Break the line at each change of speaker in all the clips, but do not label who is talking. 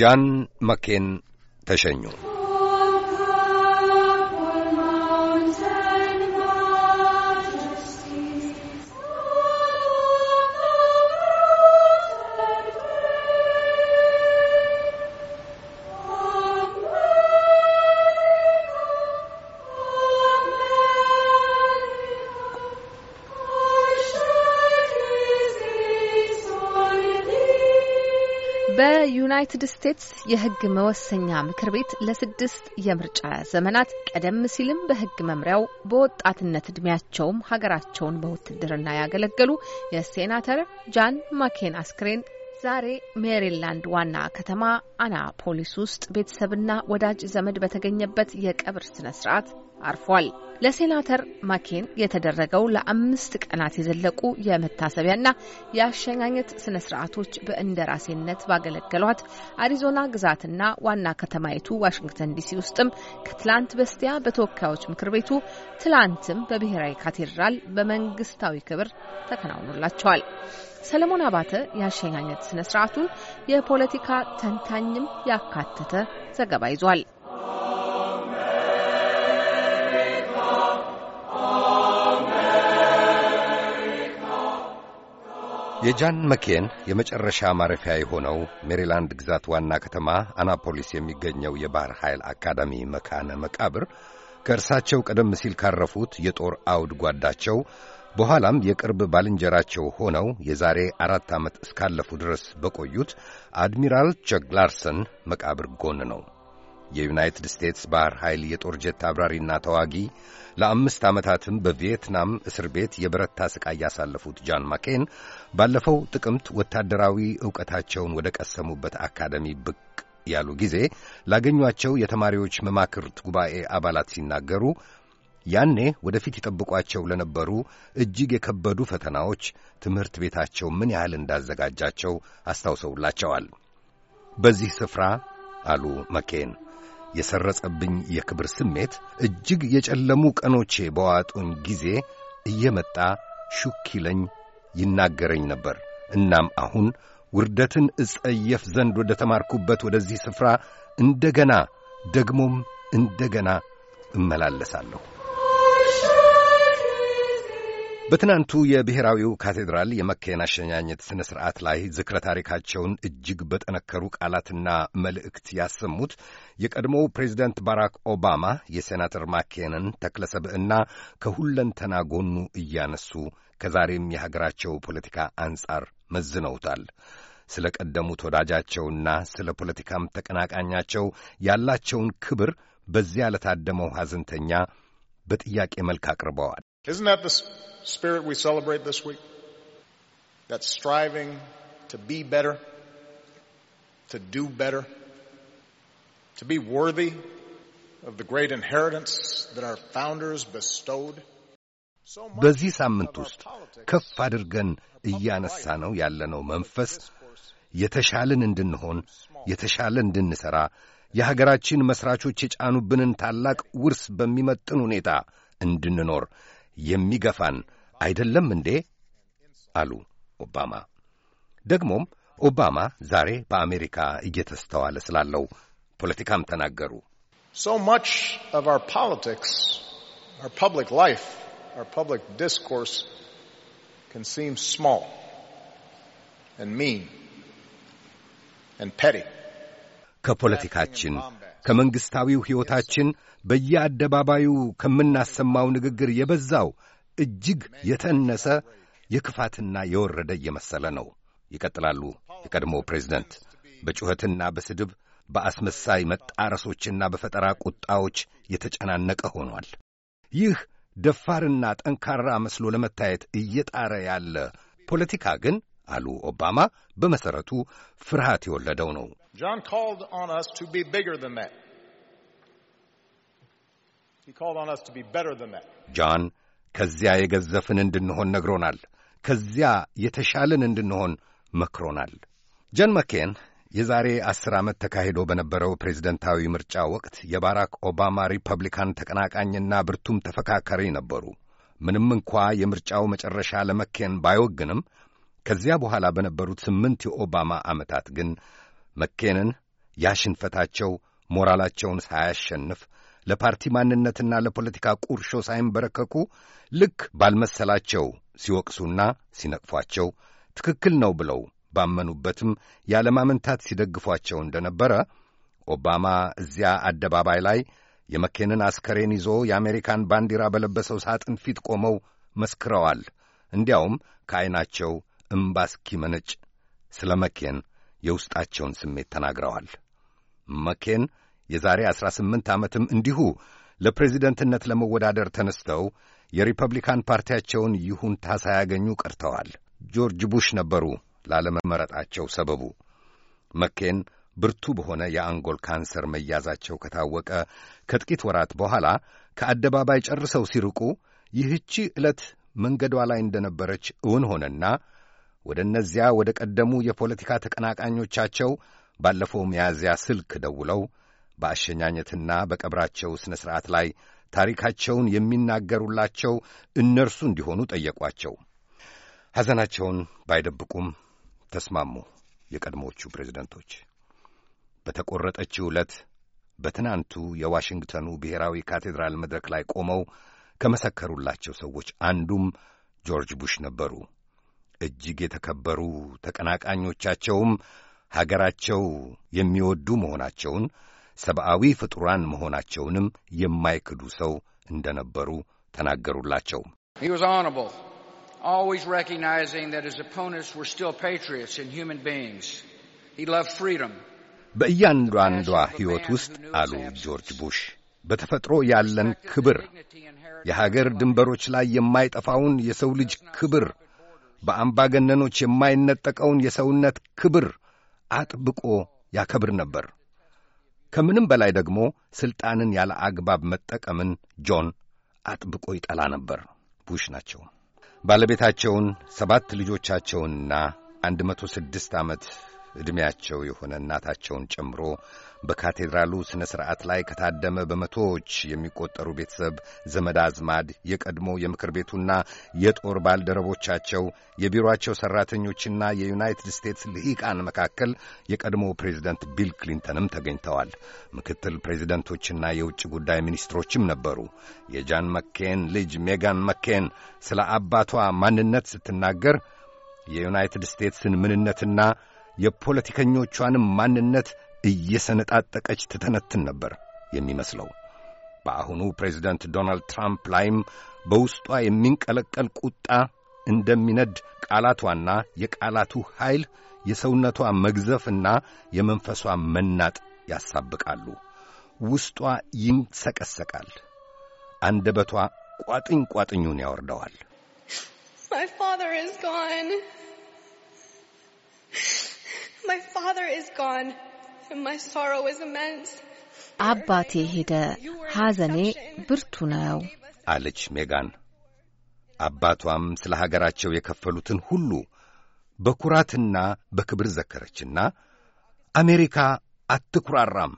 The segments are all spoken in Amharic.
ጃን መኬን ተሸኙ።
የዩናይትድ ስቴትስ የሕግ መወሰኛ ምክር ቤት ለስድስት የምርጫ ዘመናት ቀደም ሲልም በሕግ መምሪያው በወጣትነት እድሜያቸውም ሀገራቸውን በውትድርና ያገለገሉ የሴናተር ጃን ማኬን አስክሬን ዛሬ ሜሪላንድ ዋና ከተማ አናፖሊስ ውስጥ ቤተሰብና ወዳጅ ዘመድ በተገኘበት የቀብር ስነ ስርዓት አርፏል። ለሴናተር ማኬን የተደረገው ለአምስት ቀናት የዘለቁ የመታሰቢያና የአሸኛኘት ስነ ስርዓቶች በእንደራሴነት ባገለገሏት አሪዞና ግዛትና ዋና ከተማይቱ ዋሽንግተን ዲሲ ውስጥም ከትላንት በስቲያ በተወካዮች ምክር ቤቱ ትላንትም በብሔራዊ ካቴድራል በመንግስታዊ ክብር ተከናውኖላቸዋል። ሰለሞን አባተ የአሸኛኘት ስነ ስርዓቱን የፖለቲካ ተንታኝም ያካተተ ዘገባ ይዟል።
የጃን መኬን የመጨረሻ ማረፊያ የሆነው ሜሪላንድ ግዛት ዋና ከተማ አናፖሊስ የሚገኘው የባሕር ኃይል አካዳሚ መካነ መቃብር ከእርሳቸው ቀደም ሲል ካረፉት የጦር አውድ ጓዳቸው በኋላም የቅርብ ባልንጀራቸው ሆነው የዛሬ አራት ዓመት እስካለፉ ድረስ በቆዩት አድሚራል ቸግ ላርሰን መቃብር ጎን ነው። የዩናይትድ ስቴትስ ባህር ኃይል የጦር ጀት አብራሪና ተዋጊ ለአምስት ዓመታትም በቪየትናም እስር ቤት የበረታ ሥቃይ ያሳለፉት ጃን ማኬን ባለፈው ጥቅምት ወታደራዊ ዕውቀታቸውን ወደ ቀሰሙበት አካደሚ ብቅ ያሉ ጊዜ ላገኟቸው የተማሪዎች መማክርት ጉባኤ አባላት ሲናገሩ ያኔ ወደፊት ይጠብቋቸው ለነበሩ እጅግ የከበዱ ፈተናዎች ትምህርት ቤታቸው ምን ያህል እንዳዘጋጃቸው አስታውሰውላቸዋል። በዚህ ስፍራ አሉ መኬን የሰረጸብኝ የክብር ስሜት እጅግ የጨለሙ ቀኖቼ በዋጡኝ ጊዜ እየመጣ ሹክ ይለኝ ይናገረኝ ነበር። እናም አሁን ውርደትን እጸየፍ ዘንድ ወደ ተማርኩበት ወደዚህ ስፍራ እንደ ገና ደግሞም እንደ ገና እመላለሳለሁ። በትናንቱ የብሔራዊው ካቴድራል የመካሄን አሸኛኘት ሥነ ሥርዓት ላይ ዝክረ ታሪካቸውን እጅግ በጠነከሩ ቃላትና መልእክት ያሰሙት የቀድሞው ፕሬዚደንት ባራክ ኦባማ የሴናተር ማኬንን ተክለ ሰብዕና ከሁለንተና ጎኑ እያነሱ ከዛሬም የሀገራቸው ፖለቲካ አንጻር መዝነውታል። ስለ ቀደሙት ወዳጃቸውና ስለ ፖለቲካም ተቀናቃኛቸው ያላቸውን ክብር በዚያ ለታደመው ሐዘንተኛ በጥያቄ መልክ አቅርበዋል።
Isn't that the spirit we celebrate this week? That striving to be better, to do better, to be worthy of the great inheritance
that our founders bestowed. በዚህ ሳምንት ውስጥ ከፍ አድርገን እያነሳ ነው ያለነው መንፈስ የተሻልን እንድንሆን የተሻለ እንድንሠራ የሀገራችን መሥራቾች የጫኑብንን ታላቅ ውርስ በሚመጥን ሁኔታ እንድንኖር የሚገፋን አይደለም እንዴ? አሉ ኦባማ። ደግሞም ኦባማ ዛሬ በአሜሪካ እየተስተዋለ ስላለው ፖለቲካም ተናገሩ። So much of our politics,
our public life, our public discourse can seem small and mean and petty.
ከፖለቲካችን ከመንግሥታዊው ሕይወታችን በየአደባባዩ ከምናሰማው ንግግር የበዛው እጅግ የተነሰ የክፋትና የወረደ እየመሰለ ነው። ይቀጥላሉ የቀድሞ ፕሬዝደንት በጩኸትና በስድብ በአስመሳይ መጣረሶችና በፈጠራ ቁጣዎች የተጨናነቀ ሆኗል። ይህ ደፋርና ጠንካራ መስሎ ለመታየት እየጣረ ያለ ፖለቲካ ግን አሉ ኦባማ። በመሰረቱ ፍርሃት የወለደው ነው። ጃን ከዚያ የገዘፍን እንድንሆን ነግሮናል። ከዚያ የተሻልን እንድንሆን መክሮናል። ጆን መኬን የዛሬ ዐሥር ዓመት ተካሂዶ በነበረው ፕሬዝደንታዊ ምርጫ ወቅት የባራክ ኦባማ ሪፐብሊካን ተቀናቃኝና ብርቱም ተፈካካሪ ነበሩ። ምንም እንኳ የምርጫው መጨረሻ ለመኬን ባይወግንም ከዚያ በኋላ በነበሩት ስምንት የኦባማ ዓመታት ግን መኬንን ያሽንፈታቸው ሞራላቸውን ሳያሸንፍ ለፓርቲ ማንነትና ለፖለቲካ ቁርሾ ሳይንበረከኩ ልክ ባልመሰላቸው ሲወቅሱና ሲነቅፏቸው ትክክል ነው ብለው ባመኑበትም ያለማመንታት ሲደግፏቸው እንደነበረ ኦባማ እዚያ አደባባይ ላይ የመኬንን አስከሬን ይዞ የአሜሪካን ባንዲራ በለበሰው ሳጥን ፊት ቆመው መስክረዋል። እንዲያውም ከዐይናቸው እምባስኪ መነጭ ስለ መኬን የውስጣቸውን ስሜት ተናግረዋል። መኬን የዛሬ ዐሥራ ስምንት ዓመትም እንዲሁ ለፕሬዚደንትነት ለመወዳደር ተነስተው የሪፐብሊካን ፓርቲያቸውን ይሁንታ ሳያገኙ ቀርተዋል። ጆርጅ ቡሽ ነበሩ ላለመመረጣቸው ሰበቡ። መኬን ብርቱ በሆነ የአንጎል ካንሰር መያዛቸው ከታወቀ ከጥቂት ወራት በኋላ ከአደባባይ ጨርሰው ሲርቁ ይህቺ ዕለት መንገዷ ላይ እንደነበረች እውን ሆነና ወደ እነዚያ ወደ ቀደሙ የፖለቲካ ተቀናቃኞቻቸው ባለፈው ሚያዝያ ስልክ ደውለው በአሸኛኘትና በቀብራቸው ሥነ ሥርዓት ላይ ታሪካቸውን የሚናገሩላቸው እነርሱ እንዲሆኑ ጠየቋቸው። ሐዘናቸውን ባይደብቁም ተስማሙ። የቀድሞዎቹ ፕሬዝደንቶች በተቈረጠችው ዕለት በትናንቱ የዋሽንግተኑ ብሔራዊ ካቴድራል መድረክ ላይ ቆመው ከመሰከሩላቸው ሰዎች አንዱም ጆርጅ ቡሽ ነበሩ። እጅግ የተከበሩ ተቀናቃኞቻቸውም ሀገራቸው የሚወዱ መሆናቸውን ሰብአዊ ፍጡራን መሆናቸውንም የማይክዱ ሰው እንደነበሩ ተናገሩላቸው። በእያንዳንዷ ሕይወት ውስጥ አሉ ጆርጅ ቡሽ በተፈጥሮ ያለን ክብር፣ የሀገር ድንበሮች ላይ የማይጠፋውን የሰው ልጅ ክብር በአምባገነኖች የማይነጠቀውን የሰውነት ክብር አጥብቆ ያከብር ነበር። ከምንም በላይ ደግሞ ሥልጣንን ያለ አግባብ መጠቀምን ጆን አጥብቆ ይጠላ ነበር። ቡሽ ናቸው። ባለቤታቸውን ሰባት ልጆቻቸውንና አንድ መቶ ስድስት ዓመት ዕድሜያቸው የሆነ እናታቸውን ጨምሮ በካቴድራሉ ሥነ ሥርዓት ላይ ከታደመ በመቶዎች የሚቆጠሩ ቤተሰብ፣ ዘመድ አዝማድ፣ የቀድሞ የምክር ቤቱና የጦር ባልደረቦቻቸው፣ የቢሮአቸው ሠራተኞችና የዩናይትድ ስቴትስ ልሂቃን መካከል የቀድሞ ፕሬዚደንት ቢል ክሊንተንም ተገኝተዋል። ምክትል ፕሬዚደንቶችና የውጭ ጉዳይ ሚኒስትሮችም ነበሩ። የጃን መኬን ልጅ ሜጋን መኬን ስለ አባቷ ማንነት ስትናገር የዩናይትድ ስቴትስን ምንነትና የፖለቲከኞቿንም ማንነት እየሰነጣጠቀች ትተነትን ነበር የሚመስለው። በአሁኑ ፕሬዚደንት ዶናልድ ትራምፕ ላይም በውስጧ የሚንቀለቀል ቁጣ እንደሚነድ ቃላቷና የቃላቱ ኃይል የሰውነቷ መግዘፍና የመንፈሷ መናጥ ያሳብቃሉ። ውስጧ ይንሰቀሰቃል። አንደበቷ ቋጥኝ ቋጥኙን ያወርደዋል። My father is gone.
አባቴ ሄደ፣ ሐዘኔ ብርቱ ነው
አለች ሜጋን። አባቷም ስለ ሀገራቸው የከፈሉትን ሁሉ በኩራትና በክብር ዘከረችና አሜሪካ አትኩራራም፣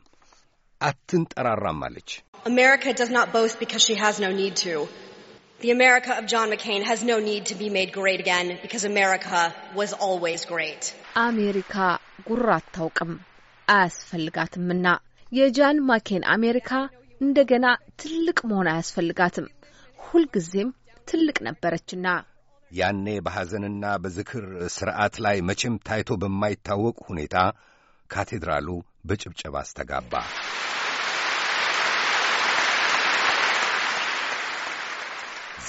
አትንጠራራም አለች።
አሜሪካ ጉራ አታውቅም። አያስፈልጋትምና የጃን ማኬን አሜሪካ እንደገና ትልቅ መሆን አያስፈልጋትም። ሁልጊዜም ትልቅ ነበረችና
ያኔ በሐዘንና በዝክር ሥርዓት ላይ መቼም ታይቶ በማይታወቅ ሁኔታ ካቴድራሉ በጭብጨባ አስተጋባ።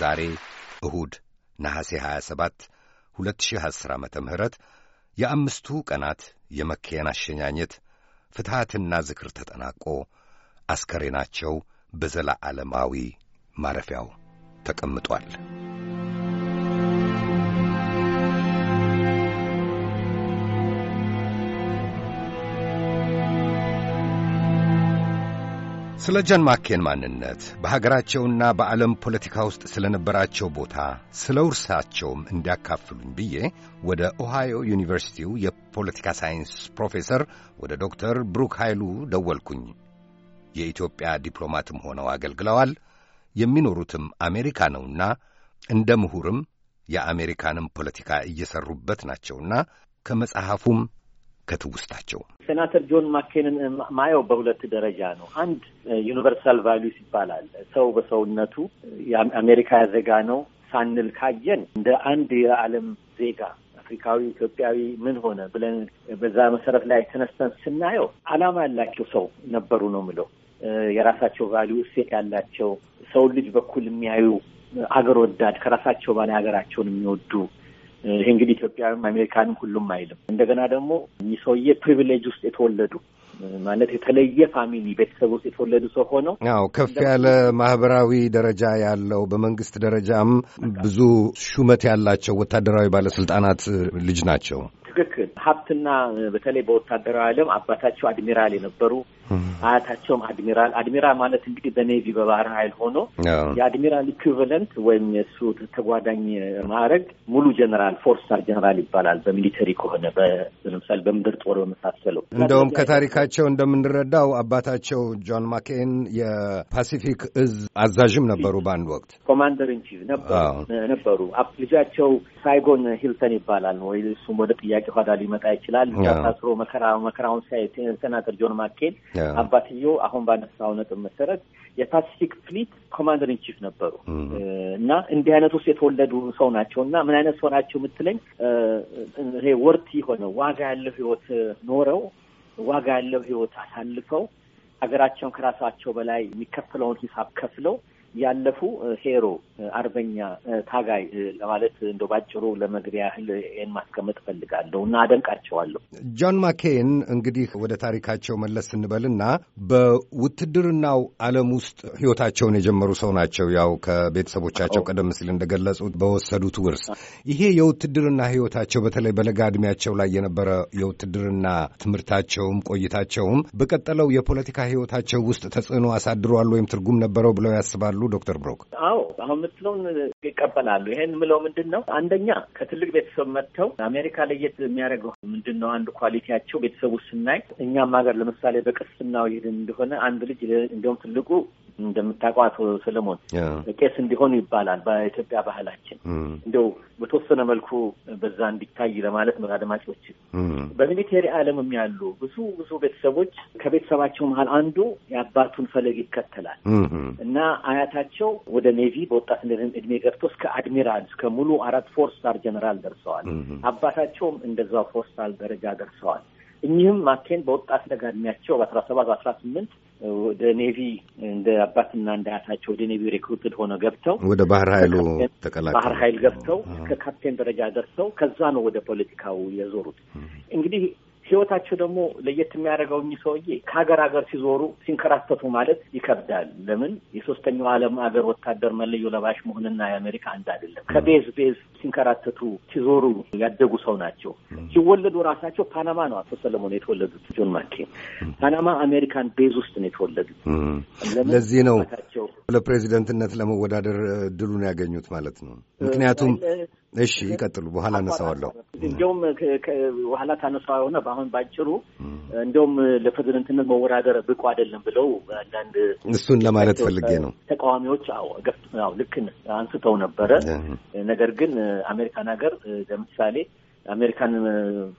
ዛሬ እሁድ ነሐሴ 27 2010 ዓ ም የአምስቱ ቀናት የመኬን አሸኛኘት ፍትሐትና ዝክር ተጠናቆ አስከሬናቸው በዘላ ዓለማዊ ማረፊያው ተቀምጧል። ስለ ጆን ማኬን ማንነት በሀገራቸውና በዓለም ፖለቲካ ውስጥ ስለነበራቸው ቦታ ስለ ውርሳቸውም እንዲያካፍሉኝ ብዬ ወደ ኦሃዮ ዩኒቨርሲቲው የፖለቲካ ሳይንስ ፕሮፌሰር ወደ ዶክተር ብሩክ ኃይሉ ደወልኩኝ። የኢትዮጵያ ዲፕሎማትም ሆነው አገልግለዋል። የሚኖሩትም አሜሪካ ነውና እንደ ምሁርም የአሜሪካንም ፖለቲካ እየሠሩበት ናቸውና ከመጽሐፉም ከትውስታቸው
ሴናተር ጆን ማኬንን ማየው በሁለት ደረጃ ነው። አንድ ዩኒቨርሳል ቫሊዩስ ይባላል። ሰው በሰውነቱ የአሜሪካ ያዘጋ ነው ሳንል ካየን እንደ አንድ የዓለም ዜጋ አፍሪካዊ፣ ኢትዮጵያዊ ምን ሆነ ብለን በዛ መሰረት ላይ ተነስተን ስናየው አላማ ያላቸው ሰው ነበሩ ነው ምለው የራሳቸው ቫሊዩ እሴት ያላቸው ሰውን ልጅ በኩል የሚያዩ አገር ወዳድ ከራሳቸው በላይ ሀገራቸውን የሚወዱ ይሄ እንግዲህ ኢትዮጵያም አሜሪካንም ሁሉም አይልም። እንደገና ደግሞ ይህ ሰውዬ ፕሪቪሌጅ ውስጥ የተወለዱ ማለት የተለየ ፋሚሊ ቤተሰብ ውስጥ የተወለዱ ሰው ሆነው
አዎ ከፍ ያለ ማህበራዊ ደረጃ ያለው በመንግስት ደረጃም ብዙ ሹመት ያላቸው ወታደራዊ ባለስልጣናት ልጅ ናቸው።
ትክክል ሀብትና በተለይ በወታደራዊ ዓለም አባታቸው አድሚራል የነበሩ አያታቸውም አድሚራል አድሚራል ማለት እንግዲህ በኔቪ በባህር ኃይል ሆኖ የአድሚራል ኢኩቪለንት ወይም የእሱ ተጓዳኝ ማዕረግ ሙሉ ጀነራል ፎር ስታር ጀነራል ይባላል። በሚሊተሪ ከሆነ ለምሳሌ በምድር ጦር በመሳሰለው እንደውም
ከታሪካቸው እንደምንረዳው አባታቸው ጆን ማኬን የፓሲፊክ እዝ አዛዥም ነበሩ። በአንድ ወቅት
ኮማንደር ነበሩ ነበሩ። ልጃቸው ሳይጎን ሂልተን ይባላል ወይ እሱም ወደ ጥያቄ ከኋላ ሊመጣ ይችላል። እዛ ታስሮ መከራ መከራውን ሲያይ ሴናተር ጆን ማኬን አባትየው አሁን ባነሳው ነጥብ መሰረት የፓሲፊክ ፍሊት ኮማንደር ኢንቺፍ ነበሩ እና እንዲህ አይነት ውስጥ የተወለዱ ሰው ናቸው እና ምን አይነት ሰው ናቸው የምትለኝ ይሄ ወርቲ የሆነ ዋጋ ያለው ህይወት ኖረው ዋጋ ያለው ህይወት አሳልፈው ሀገራቸውን ከራሳቸው በላይ የሚከፍለውን ሂሳብ ከፍለው ያለፉ ሄሮ አርበኛ ታጋይ ለማለት እንደ ባጭሩ ለመግቢያ ያህል ይህን ማስቀመጥ እፈልጋለሁ እና አደንቃቸዋለሁ።
ጆን ማኬን እንግዲህ ወደ ታሪካቸው መለስ ስንበልና በውትድርናው ዓለም ውስጥ ህይወታቸውን የጀመሩ ሰው ናቸው። ያው ከቤተሰቦቻቸው ቀደም ሲል እንደገለጹት በወሰዱት ውርስ ይሄ የውትድርና ህይወታቸው በተለይ በለጋ እድሜያቸው ላይ የነበረ የውትድርና ትምህርታቸውም ቆይታቸውም በቀጠለው የፖለቲካ ህይወታቸው ውስጥ ተጽዕኖ አሳድሯል ወይም ትርጉም ነበረው ብለው ያስባሉ? ይቀበላሉ ዶክተር ብሮክ?
አዎ አሁን የምትለውን ይቀበላሉ። ይሄን ምለው ምንድን ነው አንደኛ ከትልቅ ቤተሰብ መጥተው አሜሪካ ለየት የሚያደርገው ምንድን ነው አንዱ ኳሊቲያቸው ቤተሰቡ ስናይ እኛም ሀገር ለምሳሌ በቅስናው ይሄድ እንደሆነ አንድ ልጅ እንዲሁም ትልቁ እንደምታውቀው አቶ ሰለሞን ቄስ እንዲሆኑ ይባላል በኢትዮጵያ ባህላችን። እንደው በተወሰነ መልኩ በዛ እንዲታይ ለማለት ነው። አድማጮች በሚሊቴሪ ዓለምም ያሉ ብዙ ብዙ ቤተሰቦች ከቤተሰባቸው መሀል አንዱ የአባቱን ፈለግ ይከተላል እና አያታቸው ወደ ኔቪ በወጣትነት እድሜ ገብቶ እስከ አድሚራል እስከ ሙሉ አራት ፎር ስታር ጀነራል ደርሰዋል። አባታቸውም እንደዛው ፎር ስታር ደረጃ ደርሰዋል። እኚህም ማኬን በወጣት ደጋድሚያቸው በአስራ ሰባት በአስራ ስምንት ወደ ኔቪ እንደ አባትና እንደ አያታቸው ወደ ኔቪ ሪክሩትድ ሆነ ገብተው ወደ ባህር ኃይሉ
ተቀላቀሉ። ባህር ኃይል
ገብተው እስከ ካፕቴን ደረጃ ደርሰው ከዛ ነው ወደ ፖለቲካው የዞሩት። እንግዲህ ህይወታቸው ደግሞ ለየት የሚያደርገው እኚህ ሰውዬ ከሀገር ሀገር ሲዞሩ ሲንከራተቱ ማለት ይከብዳል። ለምን የሶስተኛው ዓለም ሀገር ወታደር መለዮ ለባሽ መሆንና የአሜሪካ አንድ አይደለም። ከቤዝ ቤዝ ሲንከራተቱ ሲዞሩ ያደጉ ሰው ናቸው። ሲወለዱ ራሳቸው ፓናማ ነው አቶ ሰለሞን የተወለዱት። ጆን ማኬን ፓናማ አሜሪካን ቤዝ ውስጥ ነው የተወለዱት።
ለዚህ ነው ለፕሬዚደንትነት ለመወዳደር ድሉን ያገኙት ማለት ነው። ምክንያቱም እሺ ይቀጥሉ፣ በኋላ አነሳዋለሁ።
እንዲሁም በኋላ ታነሳ የሆነ በአሁን ባጭሩ እንዲሁም ለፕሬዚደንትነት መወዳደር ብቁ አይደለም ብለው አንዳንድ
እሱን ለማለት ፈልጌ ነው
ተቃዋሚዎች ገፍ ልክን አንስተው ነበረ። ነገር ግን አሜሪካን ሀገር ለምሳሌ አሜሪካን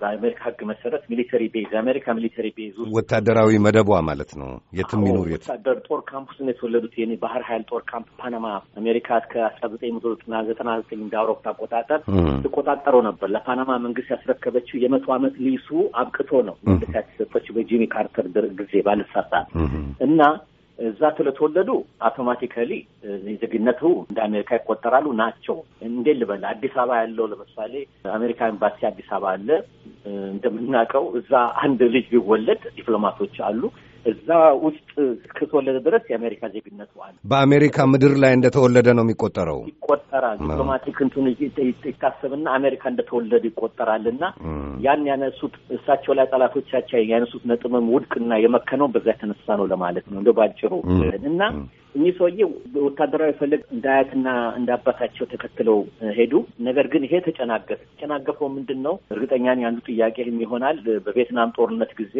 በአሜሪካ ሕግ መሰረት ሚሊተሪ ቤዝ የአሜሪካ ሚሊተሪ ቤዝ ውስጥ
ወታደራዊ መደቧ ማለት ነው። የትም ይኑር ወታደር
ጦር ካምፕ ውስጥ ነው የተወለዱት። የኔ ባህር ኃይል ጦር ካምፕ ፓናማ አሜሪካ እስከ አስራ ዘጠኝ መቶ ዘጠና ዘጠና ዘጠኝ እንደ አውሮፓ አቆጣጠር ትቆጣጠረው ነበር። ለፓናማ መንግስት ያስረከበችው የመቶ ዓመት ሊሱ አብቅቶ ነው መንግስት ያስሰጠችው በጂሚ ካርተር ድር ጊዜ ባለሳሳት እና እዛ ስለተወለዱ አውቶማቲካሊ ዜግነቱ እንደ አሜሪካ ይቆጠራሉ ናቸው። እንዴት ልበል፣ አዲስ አበባ ያለው ለምሳሌ አሜሪካ ኤምባሲ አዲስ አበባ አለ። እንደምናውቀው እዛ አንድ ልጅ ቢወለድ ዲፕሎማቶች አሉ እዛ ውስጥ እስከተወለደ ድረስ የአሜሪካ ዜግነት ዋል
በአሜሪካ ምድር ላይ እንደተወለደ ነው የሚቆጠረው
ይቆጠራል። ዲፕሎማቲክ እንትን ይታሰብና አሜሪካ እንደተወለደ ይቆጠራል። እና ያን ያነሱት እሳቸው ላይ ጠላቶቻቸው ያነሱት ነጥብም ውድቅና የመከነው በዛ የተነሳ ነው ለማለት ነው እንደ ባጭሩ እና እኚህ ሰውዬ ወታደራዊ ፈለግ እንደ አያትና እንደ አባታቸው ተከትለው ሄዱ። ነገር ግን ይሄ ተጨናገፈ። ተጨናገፈው ምንድን ነው እርግጠኛን ያንዱ ጥያቄም ይሆናል። በቪየትናም ጦርነት ጊዜ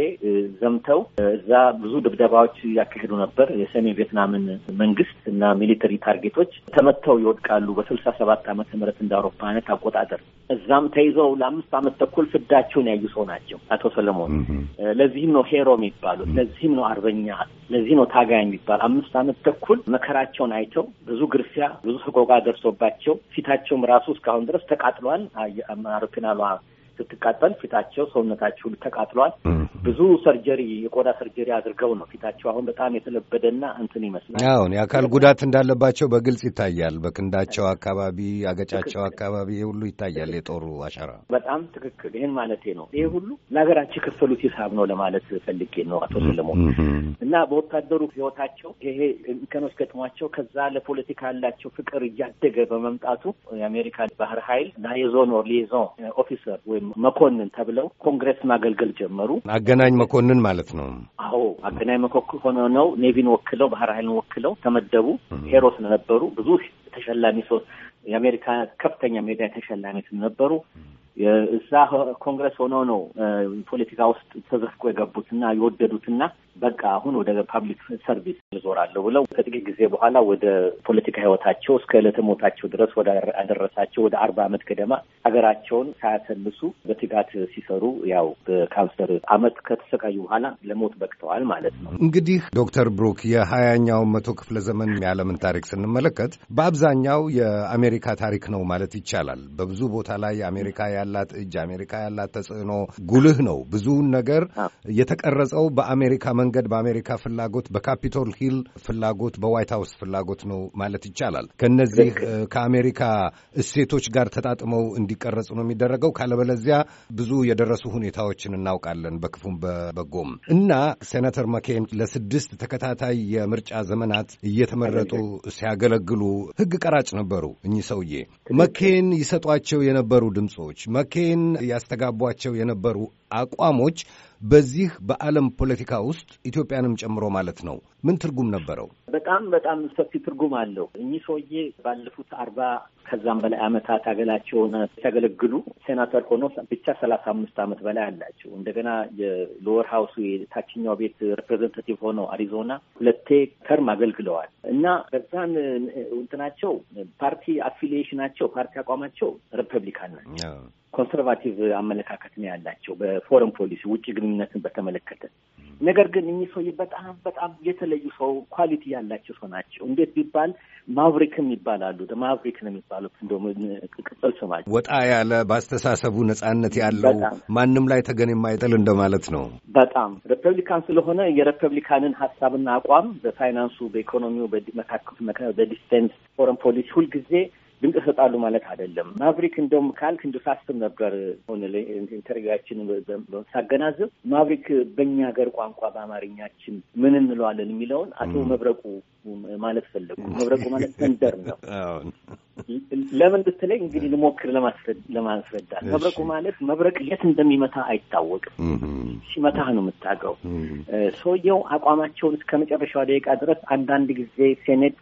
ዘምተው እዛ ብዙ ድብደባዎች ያካሄዱ ነበር። የሰሜን ቪየትናምን መንግስት እና ሚሊተሪ ታርጌቶች ተመተው ይወድቃሉ። በስልሳ ሰባት ዓመተ ምህረት እንደ አውሮፓ አይነት አቆጣጠር እዛም ተይዘው ለአምስት ዓመት ተኩል ፍዳቸውን ያዩ ሰው ናቸው አቶ ሰለሞን። ለዚህም ነው ሄሮ የሚባሉት፣ ለዚህም ነው አርበኛ፣ ለዚህ ነው ታጋይ የሚባል አምስት ዓመት ተኩል በኩል መከራቸውን አይተው ብዙ ግርፊያ፣ ብዙ ሰቆቃ ደርሶባቸው ፊታቸውም ራሱ እስካሁን ድረስ ተቃጥሏል። አውሮፕላኗ ስትቃጠል ፊታቸው፣ ሰውነታቸው ተቃጥሏል። ብዙ ሰርጀሪ፣ የቆዳ ሰርጀሪ አድርገው ነው ፊታቸው አሁን በጣም የተለበደና እንትን ይመስላል።
አሁን የአካል ጉዳት እንዳለባቸው በግልጽ ይታያል። በክንዳቸው አካባቢ፣ አገጫቸው አካባቢ ሁሉ ይታያል የጦሩ አሻራ።
በጣም ትክክል። ይህን ማለቴ ነው። ይሄ ሁሉ ለሀገራቸው የከፈሉት ሂሳብ ነው ለማለት ፈልጌ ነው አቶ ሰለሞን እና በወታደሩ ህይወታቸው ይሄ እንከኖች ገጥሟቸው ከዛ ለፖለቲካ ያላቸው ፍቅር እያደገ በመምጣቱ የአሜሪካ ባህር ኃይል እና የዞን ኦር ሊዞን ኦፊሰር ወይም ወይም መኮንን ተብለው ኮንግረስ ማገልገል ጀመሩ።
አገናኝ መኮንን ማለት ነው።
አዎ አገናኝ መኮንን ሆነው ኔቪን ወክለው ባህር ኃይልን ወክለው ተመደቡ። ሄሮስ ነበሩ። ብዙ ተሸላሚ ሰው የአሜሪካ ከፍተኛ ሜዳ ተሸላሚ ነበሩ። እዛ ኮንግረስ ሆነው ነው ፖለቲካ ውስጥ ተዘፍቆ የገቡትና የወደዱትና በቃ አሁን ወደ ፐብሊክ ሰርቪስ ልዞራለሁ ብለው ከጥቂት ጊዜ በኋላ ወደ ፖለቲካ ህይወታቸው እስከ ዕለተ ሞታቸው ድረስ ወደ አደረሳቸው ወደ አርባ ዓመት ገደማ ሀገራቸውን ሳያሰልሱ በትጋት ሲሰሩ ያው በካንሰር አመት ከተሰቃዩ በኋላ ለሞት በቅተዋል ማለት ነው።
እንግዲህ ዶክተር ብሩክ የሀያኛው መቶ ክፍለ ዘመን የዓለምን ታሪክ ስንመለከት በአብዛኛው የአሜሪካ ታሪክ ነው ማለት ይቻላል። በብዙ ቦታ ላይ አሜሪካ ያላት እጅ፣ አሜሪካ ያላት ተጽዕኖ ጉልህ ነው። ብዙውን ነገር የተቀረጸው በአሜሪካ መንገድ በአሜሪካ ፍላጎት፣ በካፒቶል ሂል ፍላጎት፣ በዋይት ሀውስ ፍላጎት ነው ማለት ይቻላል። ከነዚህ ከአሜሪካ እሴቶች ጋር ተጣጥመው እንዲቀረጹ ነው የሚደረገው። ካለበለዚያ ብዙ የደረሱ ሁኔታዎችን እናውቃለን፣ በክፉም በበጎም እና ሴናተር መኬን ለስድስት ተከታታይ የምርጫ ዘመናት እየተመረጡ ሲያገለግሉ ህግ ቀራጭ ነበሩ። እኚህ ሰውዬ መኬን ይሰጧቸው የነበሩ ድምፆች፣ መኬን ያስተጋቧቸው የነበሩ አቋሞች በዚህ በዓለም ፖለቲካ ውስጥ ኢትዮጵያንም ጨምሮ ማለት ነው ምን ትርጉም ነበረው?
በጣም በጣም ሰፊ ትርጉም አለው። እኚህ ሰውዬ ባለፉት አርባ ከዛም በላይ ዓመታት አገላቸውን ሲያገለግሉ ሴናተር ሆኖ ብቻ ሰላሳ አምስት አመት በላይ አላቸው። እንደገና የሎወር ሀውሱ የታችኛው ቤት ሪፕሬዘንታቲቭ ሆነው አሪዞና ሁለቴ ተርም አገልግለዋል እና በዛን እንትናቸው ፓርቲ አፊሊዬሽናቸው ፓርቲ አቋማቸው ሪፐብሊካን ናቸው። ኮንሰርቫቲቭ አመለካከት ነው ያላቸው በፎረን ፖሊሲ ውጭ ግንኙነትን በተመለከተ ነገር ግን እኚህ ሰውዬ በጣም በጣም የተለ የሚለዩ ሰው ኳሊቲ ያላቸው ሰው ናቸው። እንዴት ቢባል ማቭሪክም ይባላሉ። ማብሪክ ነው የሚባሉት እንደውም ቅጽል ስማቸው
ወጣ ያለ በአስተሳሰቡ ነጻነት ያለው ማንም ላይ ተገን የማይጥል እንደማለት ነው።
በጣም ሪፐብሊካን ስለሆነ የሪፐብሊካንን ሀሳብና አቋም በፋይናንሱ፣ በኢኮኖሚው፣ በመካከሉ በዲፌንስ፣ ፎረን ፖሊሲ ሁልጊዜ ድምፅ ይሰጣሉ ማለት አይደለም። ማብሪክ እንደውም ካልክ እንደ ሳስብ ነበር ሆነ ኢንተርቪያችን ሳገናዘብ ማብሪክ በእኛ ሀገር ቋንቋ በአማርኛችን ምን እንለዋለን የሚለውን አቶ መብረቁ ማለት ፈለጉ። መብረቁ ማለት ሰንደር ነው። ለምን ብትለኝ እንግዲህ ልሞክር ለማስረዳት። መብረቁ ማለት መብረቅ የት እንደሚመታ አይታወቅም። ሲመታህ ነው የምታውቀው። ሰውየው አቋማቸውን እስከ መጨረሻው ደቂቃ ድረስ አንዳንድ ጊዜ ሴኔት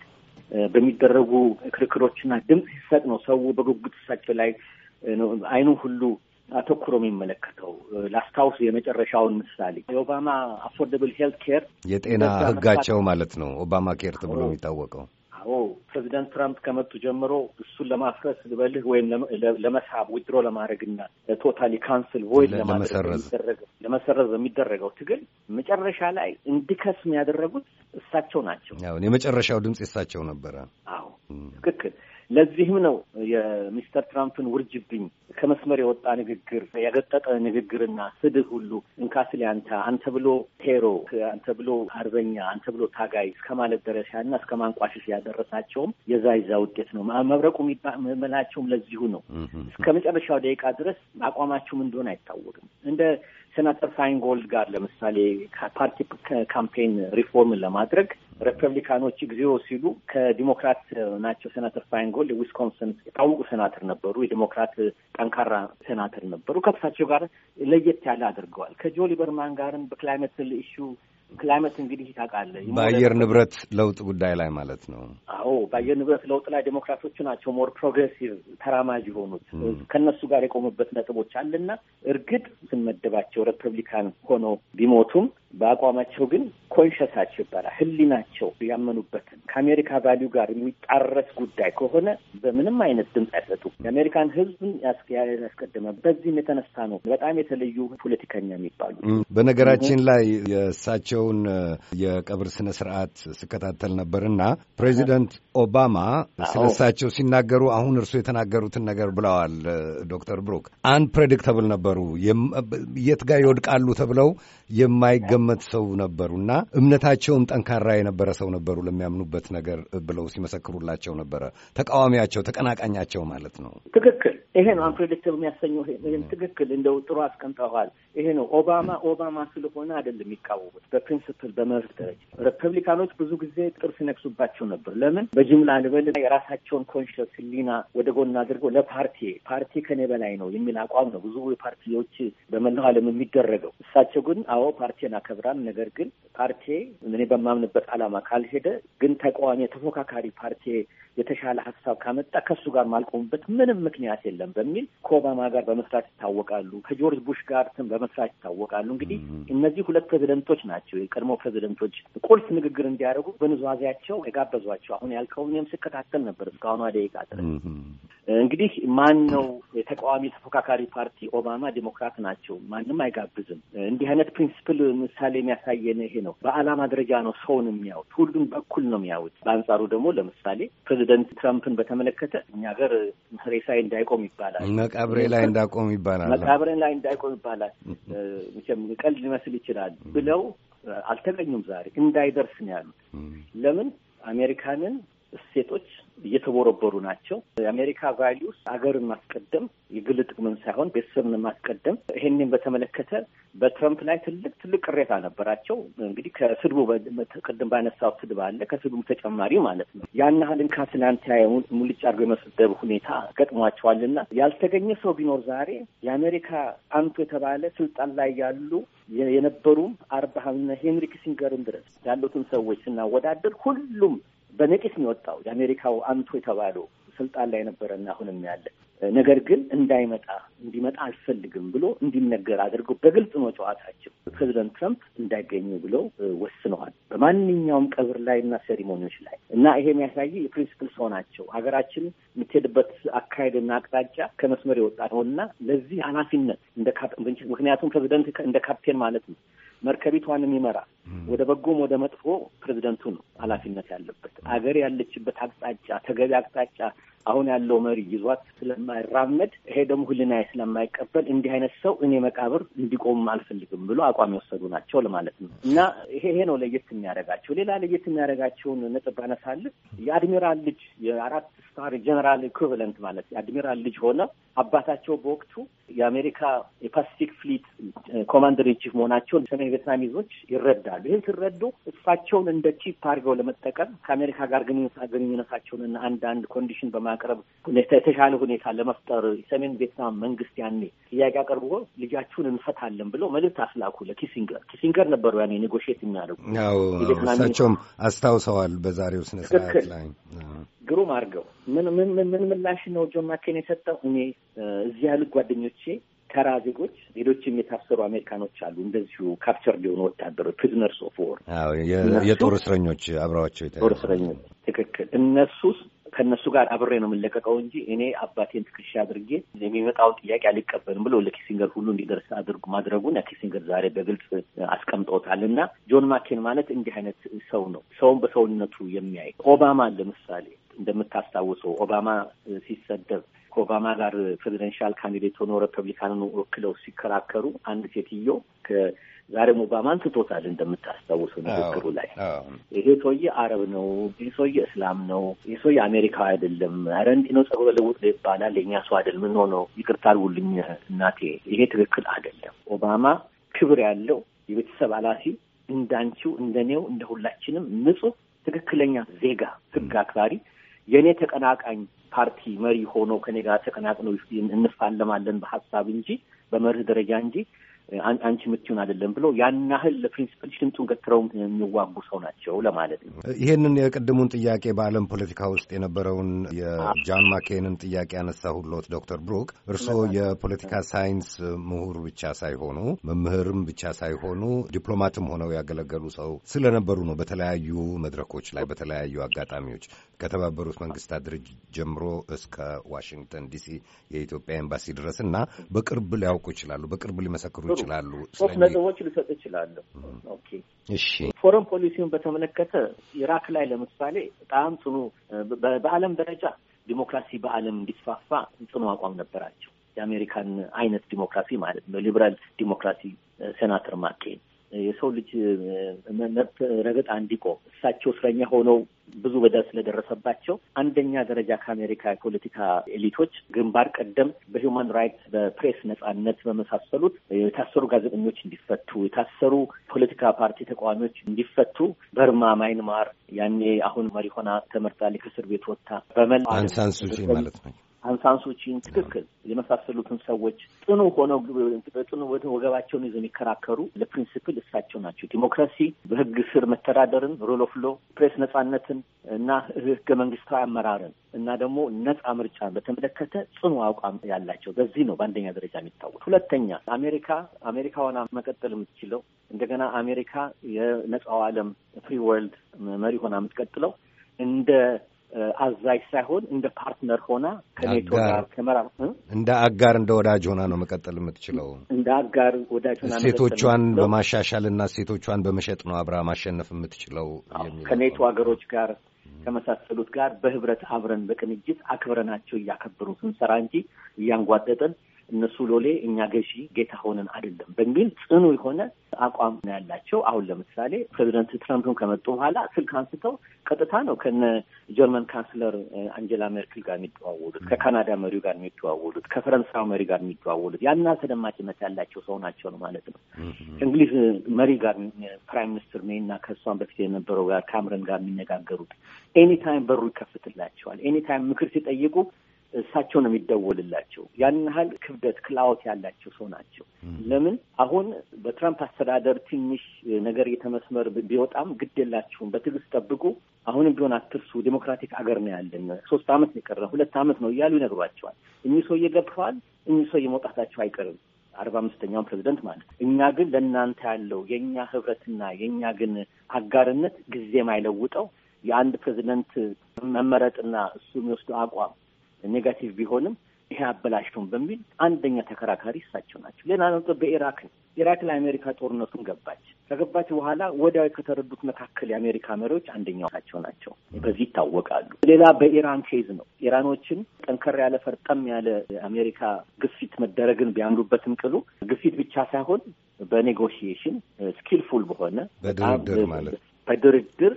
በሚደረጉ ክርክሮችና ድምፅ ሲሰጥ ነው ሰው በጉጉት እሳቸው ላይ አይኑ ሁሉ አተኩሮ የሚመለከተው። ላስታውስ የመጨረሻውን ምሳሌ የኦባማ አፎርደብል ሄልት ኬር
የጤና ህጋቸው ማለት ነው ኦባማ ኬር ተብሎ የሚታወቀው
አዎ ፕሬዚደንት ትራምፕ ከመጡ ጀምሮ እሱን ለማፍረስ ልበልህ ወይም ለመሳብ ውድሮ ለማድረግና ቶታሊ ካንስል ወይ ለማድረግ ለመሰረዝ በሚደረገው ትግል መጨረሻ ላይ እንዲከስም ያደረጉት እሳቸው ናቸው።
የመጨረሻው ድምፅ እሳቸው ነበረ።
አዎ ትክክል። ለዚህም ነው የሚስተር ትራምፕን ውርጅብኝ ከመስመር የወጣ ንግግር ያገጠጠ ንግግርና ስድብ ሁሉ እንካስሌ አንተ አንተ ብሎ ቴሮ አንተ ብሎ አርበኛ አንተ ብሎ ታጋይ እስከማለት ደረሻና እስከ ማንቋሸሽ ያደረሳቸውም የዛ ይዛ ውጤት ነው። መብረቁ መላቸውም ለዚሁ ነው። እስከ መጨረሻው ደቂቃ ድረስ አቋማቸውም እንደሆነ አይታወቅም እንደ ሴናተር ፋይንጎልድ ጋር ለምሳሌ ፓርቲ ካምፔን ሪፎርምን ለማድረግ ሪፐብሊካኖች እግዚኦ ሲሉ ከዲሞክራት ናቸው። ሴናተር ፋይንጎልድ የዊስኮንሰን የታወቁ ሴናተር ነበሩ። የዲሞክራት ጠንካራ ሴናተር ነበሩ። ከእሳቸው ጋር ለየት ያለ አድርገዋል። ከጆ ሊበርማን ጋርም በክላይመት ኢሹ ክላይመት እንግዲህ ታውቃለህ፣ በአየር
ንብረት ለውጥ ጉዳይ ላይ ማለት ነው።
አዎ፣ በአየር ንብረት ለውጥ ላይ ዴሞክራቶቹ ናቸው ሞር ፕሮግሬሲቭ ተራማጅ የሆኑት ከእነሱ ጋር የቆሙበት ነጥቦች አለና እርግጥ ስንመደባቸው ሪፐብሊካን ሆነው ቢሞቱም በአቋማቸው ግን ኮንሸሳቸው ይባላል ህሊናቸው ያመኑበትን ከአሜሪካ ቫሊዩ ጋር የሚጣረስ ጉዳይ ከሆነ በምንም አይነት ድምፅ አይሰጡ። የአሜሪካን ህዝብን ያስቀደመ በዚህም የተነሳ ነው በጣም የተለዩ ፖለቲከኛ የሚባሉ
በነገራችን ላይ የእሳቸው የዛሬውን የቀብር ስነ ስርዓት ስከታተል ነበርና ፕሬዚደንት ኦባማ ስለሳቸው ሲናገሩ አሁን እርሱ የተናገሩትን ነገር ብለዋል። ዶክተር ብሩክ አንፕሬዲክተብል ነበሩ። የት ጋር ይወድቃሉ ተብለው የማይገመት ሰው ነበሩና እምነታቸውም ጠንካራ የነበረ ሰው ነበሩ ለሚያምኑበት ነገር ብለው ሲመሰክሩላቸው ነበረ። ተቃዋሚያቸው፣ ተቀናቃኛቸው ማለት ነው።
ትክክል ይሄ ነው አንፕሬዲክተብል የሚያሰኘው። ይህም ትክክል እንደው ጥሩ አስቀምጠዋል። ይሄ ነው ኦባማ ኦባማ ስለሆነ አይደለም የሚቃወሙት፣ በፕሪንስፕል በመርህ ደረጃ ሪፐብሊካኖች ብዙ ጊዜ ጥርስ ይነክሱባቸው ነበር። ለምን በጅምላ ንበል የራሳቸውን ኮንሽስ ህሊና ወደ ጎን አድርገው ለፓርቲ ፓርቲ ከኔ በላይ ነው የሚል አቋም ነው ብዙ የፓርቲዎች በመላው ዓለም የሚደረገው። እሳቸው ግን አዎ ፓርቲን አከብራም፣ ነገር ግን ፓርቲ እኔ በማምንበት ዓላማ ካልሄደ ግን ተቃዋሚ ተፎካካሪ ፓርቲ የተሻለ ሀሳብ ካመጣ ከሱ ጋር ማልቆሙበት ምንም ምክንያት የለም። አይደለም በሚል ከኦባማ ጋር በመስራት ይታወቃሉ። ከጆርጅ ቡሽ ጋር ትም በመስራት ይታወቃሉ። እንግዲህ እነዚህ ሁለት ፕሬዚደንቶች ናቸው የቀድሞ ፕሬዚደንቶች ቁልፍ ንግግር እንዲያደርጉ በንዛዜያቸው የጋበዟቸው። አሁን ያልከውን እኔም ስከታተል ነበር እስካሁኗ ደቂቃ ድረስ። እንግዲህ ማን ነው የተቃዋሚ ተፎካካሪ ፓርቲ? ኦባማ ዴሞክራት ናቸው፣ ማንም አይጋብዝም። እንዲህ አይነት ፕሪንስፕል ምሳሌ የሚያሳየን ይሄ ነው። በዓላማ ደረጃ ነው ሰውን የሚያዩት፣ ሁሉም በኩል ነው የሚያዩት። በአንጻሩ ደግሞ ለምሳሌ ፕሬዚደንት ትራምፕን በተመለከተ እኛ ሀገር ሬሳዬ እንዳይቆም ይባላል። መቃብሬ ላይ
እንዳቆም ይባላል። መቃብሬ
ላይ እንዳይቆም ይባላል። ቀልድ ሊመስል ይችላል ብለው አልተገኙም። ዛሬ እንዳይደርስ ነው ያሉት። ለምን አሜሪካንን እሴቶች እየተቦረቦሩ ናቸው። የአሜሪካ ቫሊዩስ አገርን ማስቀደም፣ የግል ጥቅምን ሳይሆን ቤተሰብን ማስቀደም። ይሄንን በተመለከተ በትረምፕ ላይ ትልቅ ትልቅ ቅሬታ ነበራቸው። እንግዲህ ከስድቡ ቅድም ባነሳው ስድብ አለ፣ ከስድቡም ተጨማሪ ማለት ነው። ያን ያህል እንካ ትናንት ሙልጭ አድርጎ የመስደብ ሁኔታ ገጥሟቸዋልና ያልተገኘ ሰው ቢኖር ዛሬ የአሜሪካ አንቱ የተባለ ስልጣን ላይ ያሉ የነበሩም አርባሃምና ሄንሪክ ሲንገርን ድረስ ያሉትን ሰዎች ስናወዳደር ሁሉም በነቂስ ነው የወጣው የአሜሪካው አንቶ የተባለው ስልጣን ላይ ነበረና አሁንም ያለ ነገር ግን እንዳይመጣ እንዲመጣ አልፈልግም ብሎ እንዲነገር አድርገው በግልጽ ነው ጨዋታቸው። ፕሬዚደንት ትራምፕ እንዳይገኙ ብለው ወስነዋል፣ በማንኛውም ቀብር ላይ እና ሴሪሞኒዎች ላይ እና ይሄ የሚያሳይ የፕሪንስፕል ሰው ናቸው። ሀገራችን የምትሄድበት አካሄድና አቅጣጫ ከመስመር የወጣ ነው እና ለዚህ ኃላፊነት እንደ ምክንያቱም ፕሬዚደንት እንደ ካፕቴን ማለት ነው መርከቢቷን የሚመራ ወደ በጎም ወደ መጥፎ ፕሬዚደንቱ ነው ኃላፊነት ያለበት። አገር ያለችበት አቅጣጫ ተገቢ አቅጣጫ አሁን ያለው መሪ ይዟት ስለማይራመድ ይሄ ደግሞ ሁልና ስለማይቀበል እንዲህ አይነት ሰው እኔ መቃብር እንዲቆም አልፈልግም ብሎ አቋም የወሰዱ ናቸው ለማለት ነው እና ይሄ ይሄ ነው ለየት የሚያደርጋቸው። ሌላ ለየት የሚያደርጋቸውን ነጥብ አነሳልህ። የአድሚራል ልጅ የአራት ስታር ጀነራል ኢኩቪለንት ማለት የአድሚራል ልጅ ሆነ አባታቸው በወቅቱ የአሜሪካ የፓሲፊክ ፍሊት ኮማንደር ቺፍ መሆናቸውን ሰሜን ቬትናም ይዞች ይረዳሉ። ይህን ሲረዱ እሳቸውን እንደ ቺፕ አድርገው ለመጠቀም ከአሜሪካ ጋር ግንኙነታቸውንና አንዳንድ ኮንዲሽን በማ ለማቅረብ የተሻለ ሁኔታ ለመፍጠር የሰሜን ቪየትናም መንግስት ያኔ ጥያቄ አቅርቦ ልጃችሁን እንፈታለን ብለው መልእክት አስላኩ ለኪሲንገር። ኪሲንገር ነበሩ ያኔ ኔጎሽት የሚያደርጉ
እሳቸውም አስታውሰዋል። በዛሬው ስነ ስርዓት ላይ
ግሩም አድርገው ምን ምን ምላሽ ነው ጆን ማኬን የሰጠው? እኔ እዚህ ያሉት ጓደኞቼ ተራ ዜጎች፣ ሌሎችም የታሰሩ አሜሪካኖች አሉ እንደዚሁ ካፕቸር ሊሆኑ ወታደሮች ፕሪዝነርስ ኦፍ ዎር
የጦር እስረኞች አብረዋቸው ጦር እስረኞች
ትክክል። እነሱ ከእነሱ ጋር አብሬ ነው የምንለቀቀው እንጂ እኔ አባቴን ትከሻ አድርጌ የሚመጣውን ጥያቄ አልቀበልም ብሎ ለኪሲንገር ሁሉ እንዲደርስ አድርጉ ማድረጉን ኪሲንገር ዛሬ በግልጽ አስቀምጠውታል። እና ጆን ማኬን ማለት እንዲህ አይነት ሰው ነው፣ ሰውን በሰውነቱ የሚያይ ኦባማ ለምሳሌ እንደምታስታውሰው ኦባማ ሲሰደብ ከኦባማ ጋር ፕሬዚደንሻል ካንዲዴት ሆኖ ሪፐብሊካንን ወክለው ሲከራከሩ አንድ ሴትዮ ዛሬም ኦባማን ትቶታል እንደምታስታውሱ ንግግሩ ላይ ይሄ ሰውዬ አረብ ነው፣ ይህ ሰውዬ እስላም ነው፣ ይህ ሰውዬ አሜሪካዊ አይደለም፣ ኧረ እንዲህ ነው ጸጉረ ልውጥ ይባላል፣ የእኛ ሰው አይደለም፣ ምን ሆነው ይቅርታ አድርጉልኝ እናቴ፣ ይሄ ትክክል አይደለም። ኦባማ ክብር ያለው የቤተሰብ ኃላፊ እንዳንቺው፣ እንደኔው፣ እንደ ሁላችንም ንጹህ ትክክለኛ ዜጋ፣ ህግ አክባሪ የእኔ ተቀናቃኝ ፓርቲ መሪ ሆኖ ከኔ ጋር ተቀናቅኖ እንፋለማለን በሀሳብ እንጂ በመርህ ደረጃ እንጂ አንቺ ምትሆን አይደለም ብሎ ያን ያህል ለፕሪንስፕል ሽንጡን ገትረው የሚዋጉ ሰው ናቸው ለማለት ነው።
ይሄንን የቅድሙን ጥያቄ በዓለም ፖለቲካ ውስጥ የነበረውን የጃን ማኬንን ጥያቄ ያነሳ ሁሎት ዶክተር ብሩክ እርስዎ የፖለቲካ ሳይንስ ምሁር ብቻ ሳይሆኑ መምህርም ብቻ ሳይሆኑ ዲፕሎማትም ሆነው ያገለገሉ ሰው ስለነበሩ ነው። በተለያዩ መድረኮች ላይ በተለያዩ አጋጣሚዎች ከተባበሩት መንግስታት ድርጅት ጀምሮ እስከ ዋሽንግተን ዲሲ የኢትዮጵያ ኤምባሲ ድረስ እና በቅርብ ሊያውቁ ይችላሉ፣ በቅርብ ሊመሰክሩ ይችላሉ? ሶስት ነጥቦች
ልሰጥ እችላለሁ።
እሺ። ፎረን
ፖሊሲውን በተመለከተ ኢራክ ላይ ለምሳሌ በጣም ጽኑ በዓለም ደረጃ ዲሞክራሲ በዓለም እንዲስፋፋ ጽኑ አቋም ነበራቸው። የአሜሪካን አይነት ዲሞክራሲ ማለት ነው። ሊበራል ዲሞክራሲ ሴናተር ማኬን የሰው ልጅ መብት ረገጣ እንዲቆም እሳቸው እስረኛ ሆነው ብዙ በዳ ስለደረሰባቸው አንደኛ ደረጃ ከአሜሪካ የፖለቲካ ኤሊቶች ግንባር ቀደም በሂውማን ራይትስ በፕሬስ ነጻነት በመሳሰሉት የታሰሩ ጋዜጠኞች እንዲፈቱ፣ የታሰሩ ፖለቲካ ፓርቲ ተቃዋሚዎች እንዲፈቱ በርማ ማይንማር ያኔ አሁን መሪ ሆና ተመርጣ ከእስር ቤት ወጥታ በመል ማለት ነው አንሳንሶችን ትክክል የመሳሰሉትን ሰዎች ጥኑ ሆነው በጥኑ ወገባቸውን ይዘው የሚከራከሩ ለፕሪንስፕል እሳቸው ናቸው። ዲሞክራሲ፣ በህግ ስር መተዳደርን፣ ሮል ኦፍ ሎ፣ ፕሬስ ነጻነትን እና ህገ መንግስታዊ አመራርን እና ደግሞ ነጻ ምርጫን በተመለከተ ጽኑ አቋም ያላቸው በዚህ ነው በአንደኛ ደረጃ የሚታወቅ። ሁለተኛ አሜሪካ ሆና መቀጠል የምትችለው እንደገና አሜሪካ የነጻው ዓለም ፍሪ ወርልድ መሪ ሆና የምትቀጥለው እንደ አዛዥ ሳይሆን እንደ ፓርትነር ሆና ከኔቶ ጋር ከመራ
እንደ አጋር እንደ ወዳጅ ሆና ነው መቀጠል የምትችለው።
እንደ አጋር ወዳጅ ሆና
በማሻሻል እና ሴቶቿን በመሸጥ ነው አብራ ማሸነፍ የምትችለው ከኔቶ
ሀገሮች ጋር ከመሳሰሉት ጋር በህብረት አብረን በቅንጅት አክብረናቸው እያከበሩ ስንሰራ እንጂ እያንጓደጠን እነሱ ሎሌ እኛ ገዢ ጌታ ሆነን አይደለም በሚል ጽኑ የሆነ አቋም ነው ያላቸው። አሁን ለምሳሌ ፕሬዚደንት ትራምፕን ከመጡ በኋላ ስልክ አንስተው ቀጥታ ነው ከነ ጀርመን ካንስለር አንጀላ ሜርክል ጋር የሚደዋወሉት፣ ከካናዳ መሪው ጋር የሚደዋወሉት፣ ከፈረንሳዊ መሪ ጋር የሚደዋወሉት ያና ተደማጭነት ያላቸው ሰው ናቸው ነው ማለት ነው። እንግሊዝ መሪ ጋር ፕራይም ሚኒስትር ሜይ እና ከእሷን በፊት የነበረው ጋር ካምረን ጋር የሚነጋገሩት ኤኒታይም በሩ ይከፍትላቸዋል። ኤኒታይም ምክር ሲጠይቁ እሳቸው ነው የሚደወልላቸው። ያን ያህል ክብደት ክላወት ያላቸው ሰው ናቸው። ለምን አሁን በትራምፕ አስተዳደር ትንሽ ነገር የተመስመር ቢወጣም ግድ የላችሁም በትዕግስት ጠብቁ፣ አሁንም ቢሆን አትርሱ፣ ዴሞክራቲክ አገር ነው ያለን፣ ሶስት አመት የቀረ ሁለት አመት ነው እያሉ ይነግሯቸዋል። እኚህ ሰውዬ እየገብተዋል፣ እኚህ ሰው መውጣታቸው አይቀርም። አርባ አምስተኛውን ፕሬዚደንት ማለት እኛ ግን ለእናንተ ያለው የእኛ ህብረትና የእኛ ግን አጋርነት ጊዜም አይለውጠው የአንድ ፕሬዚደንት መመረጥና እሱ የሚወስደው አቋም ኔጋቲቭ ቢሆንም ይሄ አበላሽቱን በሚል አንደኛ ተከራካሪ እሳቸው ናቸው። ሌላ ነጥብ በኢራክ ነው። ኢራክ ለአሜሪካ ጦርነቱን ገባች። ከገባች በኋላ ወዲያው ከተረዱት መካከል የአሜሪካ መሪዎች አንደኛው እሳቸው ናቸው። በዚህ ይታወቃሉ። ሌላ በኢራን ኬዝ ነው። ኢራኖችን ጠንከር ያለ ፈርጠም ያለ አሜሪካ ግፊት መደረግን ቢያምኑበትም ቅሉ ግፊት ብቻ ሳይሆን በኔጎሽዬሽን ስኪልፉል በሆነ
በድርድር ማለት
በድርድር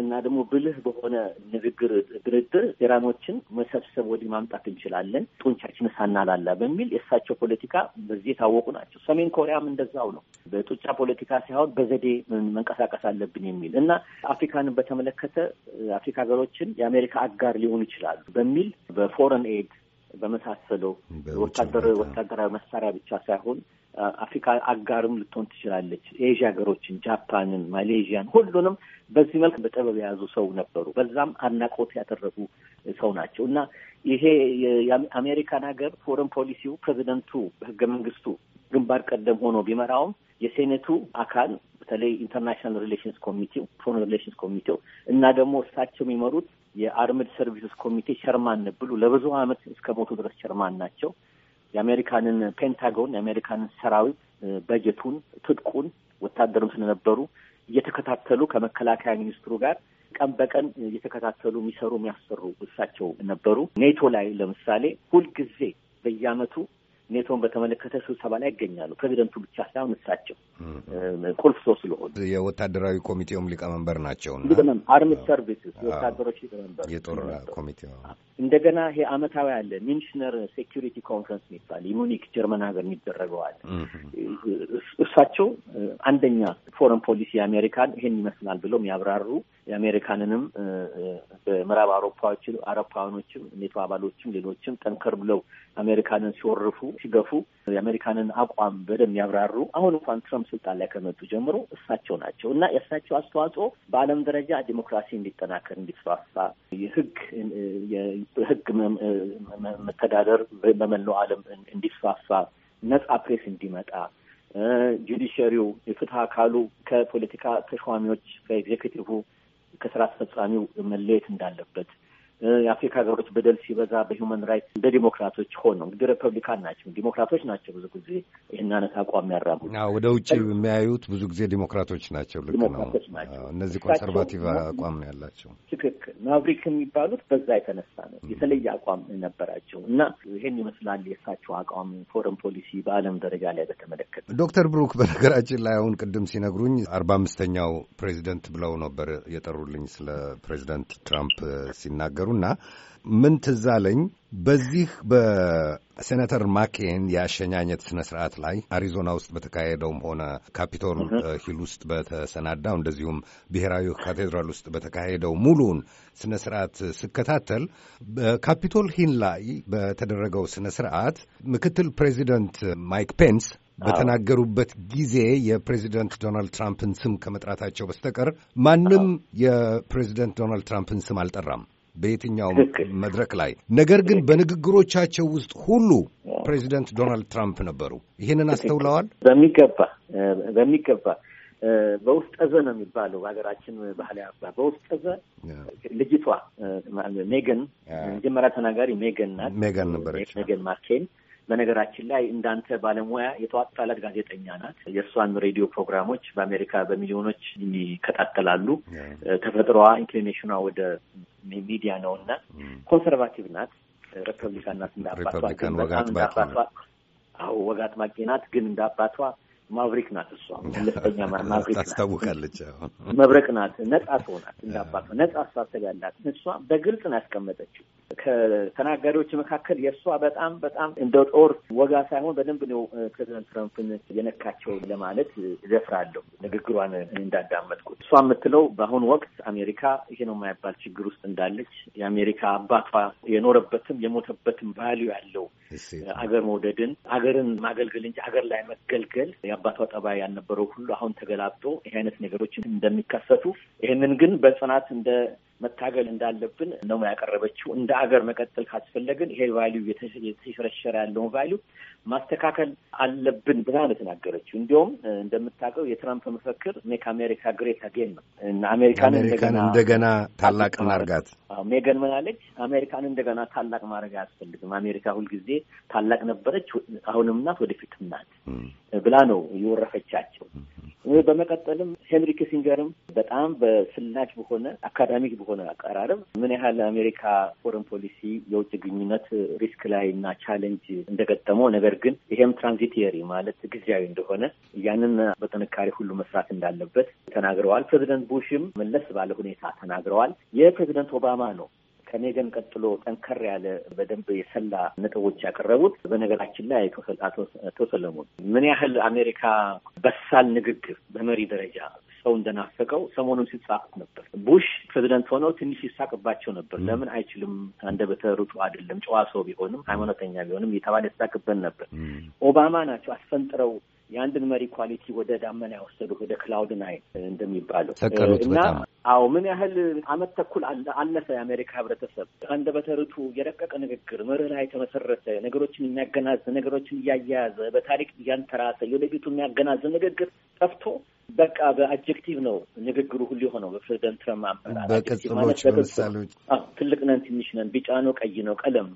እና ደግሞ ብልህ በሆነ ንግግር ድርድር ኢራኖችን መሰብሰብ ወዲህ ማምጣት እንችላለን፣ ጡንቻችን ሳናላላ በሚል የእሳቸው ፖለቲካ በዚህ የታወቁ ናቸው። ሰሜን ኮሪያም እንደዛው ነው። በጡጫ ፖለቲካ ሳይሆን በዘዴ መንቀሳቀስ አለብን የሚል እና አፍሪካንን በተመለከተ አፍሪካ ሀገሮችን የአሜሪካ አጋር ሊሆኑ ይችላሉ በሚል በፎረን ኤድ በመሳሰለው ወታደራዊ መሳሪያ ብቻ ሳይሆን አፍሪካ አጋርም ልትሆን ትችላለች። ኤዥያ ሀገሮችን፣ ጃፓንን፣ ማሌዥያን ሁሉንም በዚህ መልክ በጥበብ የያዙ ሰው ነበሩ። በዛም አድናቆት ያደረጉ ሰው ናቸው እና ይሄ የአሜሪካን ሀገር ፎረን ፖሊሲው ፕሬዚደንቱ በህገ መንግስቱ ግንባር ቀደም ሆኖ ቢመራውም የሴኔቱ አካል በተለይ ኢንተርናሽናል ሪሌሽንስ ኮሚቴው ፎረን ሪሌሽንስ ኮሚቴው እና ደግሞ እሳቸው የሚመሩት የአርምድ ሰርቪስስ ኮሚቴ ቸርማን ብሉ ለብዙ ዓመት እስከ ሞቱ ድረስ ቸርማን ናቸው። የአሜሪካንን ፔንታጎን የአሜሪካንን ሰራዊት በጀቱን፣ ትጥቁን ወታደሩን ስለነበሩ እየተከታተሉ ከመከላከያ ሚኒስትሩ ጋር ቀን በቀን እየተከታተሉ የሚሰሩ የሚያሰሩ እሳቸው ነበሩ። ኔቶ ላይ ለምሳሌ ሁልጊዜ በየአመቱ። ኔቶን በተመለከተ ስብሰባ ላይ ይገኛሉ። ፕሬዚደንቱ ብቻ ሳይሆን እሳቸው
ቁልፍ ሰው ስለሆኑ የወታደራዊ ኮሚቴውም ሊቀመንበር ናቸው። አርም ሰርቪስ ወታደሮች
ሊቀመንበር የጦር ኮሚቴ እንደገና ይሄ አመታዊ አለ ሚንሽነር ሴኪሪቲ ኮንፈረንስ የሚባል
ሙኒክ ጀርመን
ሀገር የሚደረገዋል። እሳቸው አንደኛ ፎረን ፖሊሲ የአሜሪካን ይሄን ይመስላል ብለው የሚያብራሩ የአሜሪካንንም በምዕራብ አውሮፓዎች አውሮፓውያኖችም ኔቶ አባሎችም ሌሎችም ጠንከር ብለው አሜሪካንን ሲወርፉ ሲገፉ የአሜሪካንን አቋም በደንብ ያብራሩ አሁን እንኳን ትረምፕ ስልጣን ላይ ከመጡ ጀምሮ እሳቸው ናቸው እና የእሳቸው አስተዋጽኦ በዓለም ደረጃ ዲሞክራሲ እንዲጠናከር እንዲስፋፋ፣ የህግ የህግ መተዳደር በመላው ዓለም እንዲስፋፋ፣ ነጻ ፕሬስ እንዲመጣ ጁዲሽሪው የፍትህ አካሉ ከፖለቲካ ተሿሚዎች ከኤግዜኪቲቭ ከስራ አስፈጻሚው መለየት እንዳለበት የአፍሪካ ሀገሮች በደል ሲበዛ በሂውማን ራይትስ እንደ ዲሞክራቶች ሆነው እንግዲህ ሪፐብሊካን ናቸው፣ ዲሞክራቶች ናቸው። ብዙ ጊዜ ይህን
አይነት አቋም ያራሙት ወደ ውጭ የሚያዩት ብዙ ጊዜ ዲሞክራቶች ናቸው። ልክ ነው።
እነዚህ ኮንሰርቫቲቭ አቋም ነው ያላቸው። ትክክል። ማብሪክ የሚባሉት በዛ የተነሳ ነው። የተለየ አቋም ነበራቸው እና ይህን ይመስላል የእሳቸው አቋም ፎረን ፖሊሲ በዓለም ደረጃ ላይ በተመለከተ።
ዶክተር ብሩክ በነገራችን ላይ አሁን ቅድም ሲነግሩኝ አርባ አምስተኛው ፕሬዚደንት ብለው ነበር የጠሩልኝ ስለ ፕሬዚደንት ትራምፕ ሲናገሩ ተናገሩና ምን ትዛለኝ በዚህ በሴነተር ማኬን የአሸኛኘት ስነ ስርዓት ላይ አሪዞና ውስጥ በተካሄደውም ሆነ ካፒቶል ሂል ውስጥ በተሰናዳው እንደዚሁም ብሔራዊ ካቴድራል ውስጥ በተካሄደው ሙሉውን ስነ ስርዓት ስከታተል በካፒቶል ሂል ላይ በተደረገው ስነ ስርዓት ምክትል ፕሬዚደንት ማይክ ፔንስ በተናገሩበት ጊዜ የፕሬዚደንት ዶናልድ ትራምፕን ስም ከመጥራታቸው በስተቀር ማንም የፕሬዚደንት ዶናልድ ትራምፕን ስም አልጠራም። በየትኛው መድረክ ላይ። ነገር ግን በንግግሮቻቸው ውስጥ ሁሉ ፕሬዚደንት ዶናልድ ትራምፕ ነበሩ። ይህንን አስተውለዋል? በሚገባ በሚገባ በውስጠ ዘ ነው
የሚባለው በሀገራችን ባህል ያባ በውስጠ ዘ ልጅቷ ሜገን መጀመሪያ ተናጋሪ ሜገን ናት። ሜገን ነበረች። ሜገን ማርኬል በነገራችን ላይ እንዳንተ ባለሙያ የተዋጣላት ጋዜጠኛ ናት። የእርሷን ሬዲዮ ፕሮግራሞች በአሜሪካ በሚሊዮኖች ይከታተላሉ። ተፈጥሮዋ ኢንክሊኔሽኗ ወደ ሚዲያ ነው እና ኮንሰርቫቲቭ ናት። ሪፐብሊካን ናት። እንደ አባቷ ግን በጣም እንደ አባቷ አዎ፣ ወግ አጥባቂ ናት። ግን እንደ አባቷ ማብሪክ ናት። እሷ መለስተኛ ማብሪክ
ታስታውቃለች። መብረቅ
ናት። ነጻ ሰው ናት። እንዳባት ነጻ አሳሰብ ያላት እሷ በግልጽ ነው ያስቀመጠችው። ከተናጋሪዎች መካከል የእሷ በጣም በጣም እንደ ጦር ወጋ ሳይሆን በደንብ ነው ፕሬዚደንት ትረምፕን የነካቸው ለማለት እደፍራለሁ። ንግግሯን እንዳዳመጥኩት እሷ የምትለው በአሁኑ ወቅት አሜሪካ ይሄ ነው የማይባል ችግር ውስጥ እንዳለች የአሜሪካ አባቷ የኖረበትም የሞተበትም ቫሊዩ ያለው አገር መውደድን አገርን ማገልገል እንጂ አገር ላይ መገልገል የአባቷ ጠባይ ያልነበረው ሁሉ አሁን ተገላብጦ ይህ አይነት ነገሮችን እንደሚከሰቱ ይህንን ግን በጽናት እንደ መታገል እንዳለብን ነው ያቀረበችው። እንደ አገር መቀጠል ካስፈለግን ይሄ ቫሊዩ የተሸረሸረ ያለውን ቫሊዩ ማስተካከል አለብን ብላ ነው የተናገረችው። እንዲሁም እንደምታውቀው የትራምፕ መፈክር ሜክ አሜሪካ ግሬት አጌን ነው እና አሜሪካን እንደገና
ታላቅ እናርጋት።
ሜገን ምናለች? አሜሪካን እንደገና ታላቅ ማድረግ አያስፈልግም። አሜሪካ ሁልጊዜ ታላቅ ነበረች፣ አሁንም ናት፣ ወደፊትም ናት ብላ ነው የወረፈቻቸው። በመቀጠልም ሄንሪ ኪሲንገርም በጣም በስላች በሆነ አካዳሚክ በሆነ አቀራረብ ምን ያህል አሜሪካ ፎረን ፖሊሲ የውጭ ግንኙነት ሪስክ ላይ እና ቻሌንጅ እንደገጠመው ነገር ግን ይሄም ትራንዚቲየሪ ማለት ጊዜያዊ እንደሆነ ያንን በጥንካሬ ሁሉ መስራት እንዳለበት ተናግረዋል። ፕሬዚደንት ቡሽም መለስ ባለ ሁኔታ ተናግረዋል። የፕሬዚደንት ኦባማ ነው ከኔ ግን ቀጥሎ ጠንከር ያለ በደንብ የሰላ ነጥቦች ያቀረቡት። በነገራችን ላይ አቶ ሰለሞን ምን ያህል አሜሪካ በሳል ንግግር በመሪ ደረጃ ሰው እንደናፈቀው ሰሞኑን ሲጻፍ ነበር። ቡሽ ፕሬዚደንት ሆነው ትንሽ ይሳቅባቸው ነበር። ለምን አይችልም፣ አንደበተ ርቱዕ አይደለም፣ ጨዋ ሰው ቢሆንም ሃይማኖተኛ ቢሆንም እየተባለ ይሳቅበን ነበር። ኦባማ ናቸው አስፈንጥረው የአንድን መሪ ኳሊቲ ወደ ዳመና ያወሰዱ ወደ ክላውድ ናይ እንደሚባለው እና አዎ ምን ያህል አመት ተኩል አለፈ። የአሜሪካ ህብረተሰብ አንደበተ በተርቱ የረቀቀ ንግግር፣ መርህ ላይ የተመሰረተ ነገሮችን የሚያገናዝ ነገሮችን እያያያዘ በታሪክ እያንተራሰ የወደፊቱ የሚያገናዝብ ንግግር ጠፍቶ በቃ በአጀክቲቭ ነው ንግግሩ ሁሉ የሆነው በፕሬዚደንት ትረምፕ
አመራር በቅጽሎች
ትልቅ ነን፣ ትንሽ ነን፣ ቢጫ ነው፣ ቀይ ነው ቀለም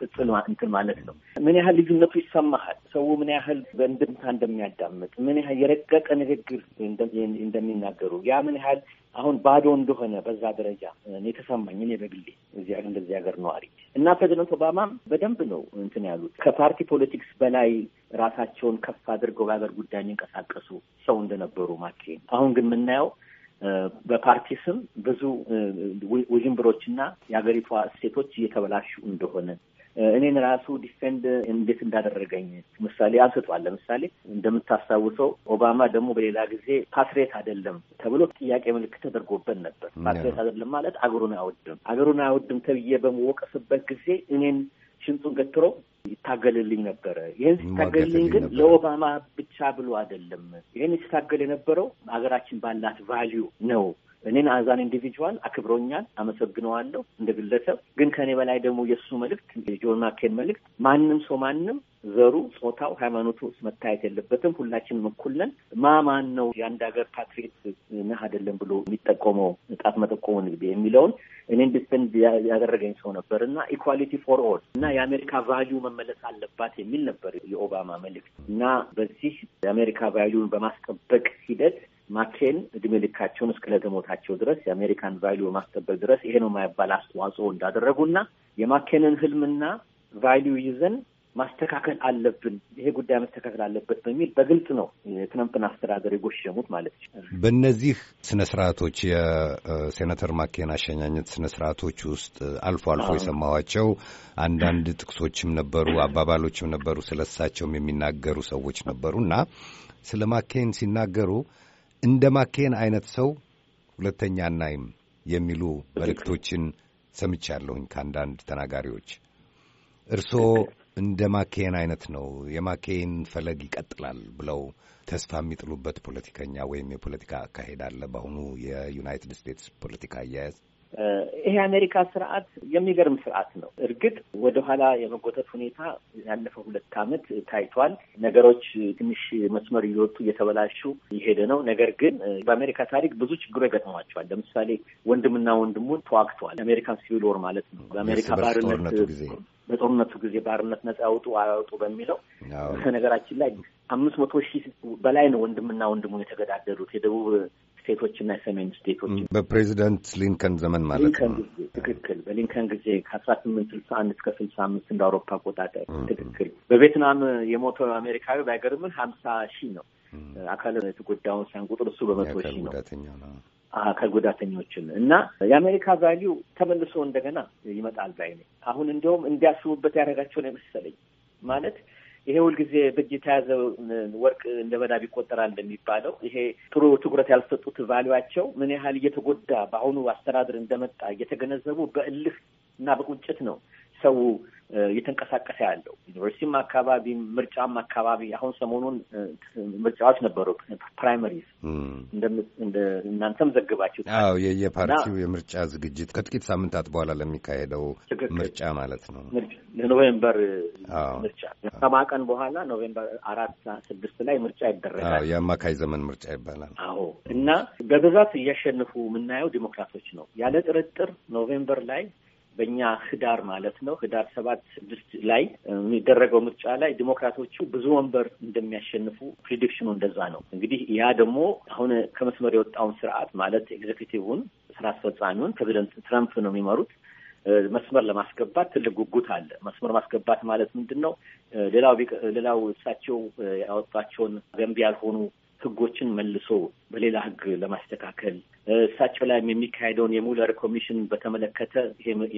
ቅጽል እንትን ማለት ነው። ምን ያህል ልዩነቱ ይሰማሃል? ሰው ምን ያህል በእንድምታ እንደሚያዳምጥ ምን ያህል የረቀቀ ንግግር እንደሚናገሩ ያ ምን ያህል አሁን ባዶ እንደሆነ በዛ ደረጃ የተሰማኝ እኔ በግሌ እዚህ እንደዚህ ሀገር ነዋሪ እና ፕሬዚደንት ኦባማም በደንብ ነው እንትን ያሉት ከፓርቲ ፖለቲክስ በላይ ራሳቸውን ከፍ አድርገው በሀገር ጉዳይ የሚንቀሳቀሱ ሰው እንደነበሩ ማኬን አሁን ግን የምናየው በፓርቲ ስም ብዙ ውዥንብሮችና የሀገሪቷ እሴቶች እየተበላሹ እንደሆነ እኔን ራሱ ዲፌንድ እንዴት እንዳደረገኝ ምሳሌ አንስቷል። ለምሳሌ እንደምታስታውሰው ኦባማ ደግሞ በሌላ ጊዜ ፓትሬት አይደለም ተብሎ ጥያቄ ምልክት ተደርጎበት ነበር። ፓትሬት አይደለም ማለት አገሩን አይወድም አገሩን አይወድም ተብዬ በመወቀስበት ጊዜ እኔን ሽንጡን ገትሮ ይታገልልኝ ነበረ። ይህን ሲታገልልኝ ግን ለኦባማ ብቻ ብሎ አይደለም። ይህን ሲታገል የነበረው ሀገራችን ባላት ቫሊዩ ነው። እኔን አዛን ኢንዲቪጁዋል አክብሮኛል፣ አመሰግነዋለሁ እንደ ግለሰብ። ግን ከእኔ በላይ ደግሞ የእሱ መልእክት የጆን ማኬን መልእክት ማንም ሰው ማንም ዘሩ፣ ጾታው፣ ሃይማኖቱ መታየት የለበትም። ሁላችንም እኩል ነን። ማማን ነው የአንድ ሀገር ፓትሪዮት ነህ አይደለም ብሎ የሚጠቆመው ጣት መጠቆሙ ንግድ የሚለውን እኔ እንድስተንድ ያደረገኝ ሰው ነበር እና ኢኳሊቲ ፎር ኦል እና የአሜሪካ ቫሊዩ መመለስ አለባት የሚል ነበር የኦባማ መልእክት እና በዚህ የአሜሪካ ቫሊዩን በማስጠበቅ ሂደት ማኬን እድሜ ልካቸውን እስከ ለተሞታቸው ድረስ የአሜሪካን ቫሊዩ በማስጠበቅ ድረስ ይሄ ነው የማይባል አስተዋጽኦ እንዳደረጉና የማኬንን ህልምና ቫሊዩ ይዘን ማስተካከል አለብን፣ ይሄ ጉዳይ መስተካከል አለበት በሚል በግልጽ ነው የትረምፕን አስተዳደር የጎሸሙት ማለት
ነው። በእነዚህ ስነ ስርዓቶች የሴናተር ማኬን አሸኛኘት ስነ ስርዓቶች ውስጥ አልፎ አልፎ የሰማኋቸው አንዳንድ ጥቅሶችም ነበሩ፣ አባባሎችም ነበሩ፣ ስለ እሳቸውም የሚናገሩ ሰዎች ነበሩ እና ስለ ማኬን ሲናገሩ እንደ ማኬን አይነት ሰው ሁለተኛ እናይም የሚሉ መልእክቶችን ሰምቻለሁኝ ከአንዳንድ ተናጋሪዎች እርስዎ እንደ ማኬን አይነት ነው የማኬን ፈለግ ይቀጥላል ብለው ተስፋ የሚጥሉበት ፖለቲከኛ ወይም የፖለቲካ አካሄድ አለ በአሁኑ የዩናይትድ ስቴትስ ፖለቲካ አያያዝ?
ይሄ የአሜሪካ ስርዓት የሚገርም ስርዓት ነው። እርግጥ ወደኋላ የመጎተት ሁኔታ ያለፈው ሁለት አመት ታይቷል። ነገሮች ትንሽ መስመር እየወጡ እየተበላሹ እየሄደ ነው። ነገር ግን በአሜሪካ ታሪክ ብዙ ችግሮች ገጥሟቸዋል። ለምሳሌ ወንድምና ወንድሙን ተዋግተዋል። የአሜሪካን ሲቪል ወር ማለት ነው። በአሜሪካ ባርነት በጦርነቱ ጊዜ ባርነት ነጻ ያውጡ አያውጡ በሚለው ነገራችን ላይ አምስት መቶ ሺህ በላይ ነው ወንድምና ወንድሙን የተገዳደሉት የደቡብ ስቴቶችና
የሰሜን ስቴቶች በፕሬዚደንት ሊንከን ዘመን ማለት ሊንከን
ትክክል በሊንከን ጊዜ ከአስራ ስምንት ስልሳ አንድ እስከ ስልሳ አምስት እንደ አውሮፓ አቆጣጠር ትክክል በቬትናም የሞተው አሜሪካዊ ባይገርምህ ሀምሳ ሺህ ነው። አካል የተጎዳውን ሳይሆን ቁጥር እሱ በመቶ ሺህ ነው። አካል ጉዳተኞችን እና የአሜሪካ ቫሊዩ ተመልሶ እንደገና ይመጣል ባይ ነኝ። አሁን እንደውም እንዲያስቡበት ያደረጋቸው ነው የመሰለኝ ማለት ይሄ ሁልጊዜ በእጅ የተያዘ ወርቅ እንደ መዳብ ይቆጠራል እንደሚባለው ይሄ ጥሩ ትኩረት ያልሰጡት ቫሊዋቸው ምን ያህል እየተጎዳ በአሁኑ አስተዳደር እንደመጣ እየተገነዘቡ በእልህ እና በቁጭት ነው ሰው እየተንቀሳቀሰ ያለው ዩኒቨርሲቲም አካባቢ ምርጫም አካባቢ አሁን ሰሞኑን ምርጫዎች ነበሩ፣ ፕራይመሪስ እናንተም ዘግባችሁ። አዎ
የየፓርቲው የምርጫ ዝግጅት ከጥቂት ሳምንታት በኋላ ለሚካሄደው ምርጫ ማለት ነው ለኖቬምበር
ምርጫ ሰባ ቀን በኋላ ኖቬምበር አራት ስድስት ላይ ምርጫ ይደረጋል።
የአማካይ ዘመን ምርጫ ይባላል። አዎ
እና በብዛት እያሸነፉ የምናየው ዲሞክራቶች ነው ያለ ጥርጥር ኖቬምበር ላይ በእኛ ህዳር ማለት ነው ህዳር ሰባት ስድስት ላይ የሚደረገው ምርጫ ላይ ዲሞክራቶቹ ብዙ ወንበር እንደሚያሸንፉ ፕሪዲክሽኑ እንደዛ ነው። እንግዲህ ያ ደግሞ አሁን ከመስመር የወጣውን ስርዓት ማለት ኤግዜኪቲቭን፣ ስራ አስፈጻሚውን ፕሬዚደንት ትረምፕ ነው የሚመሩት መስመር ለማስገባት ትልቅ ጉጉት አለ። መስመር ማስገባት ማለት ምንድን ነው? ሌላው ሌላው እሳቸው ያወጧቸውን ገንቢ ያልሆኑ ህጎችን መልሶ በሌላ ህግ ለማስተካከል እሳቸው ላይም የሚካሄደውን የሙለር ኮሚሽን በተመለከተ